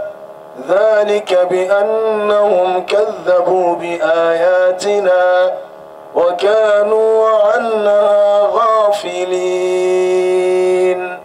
A: ذلك بأنهم كذبوا بآياتنا وكانوا عنها غافلين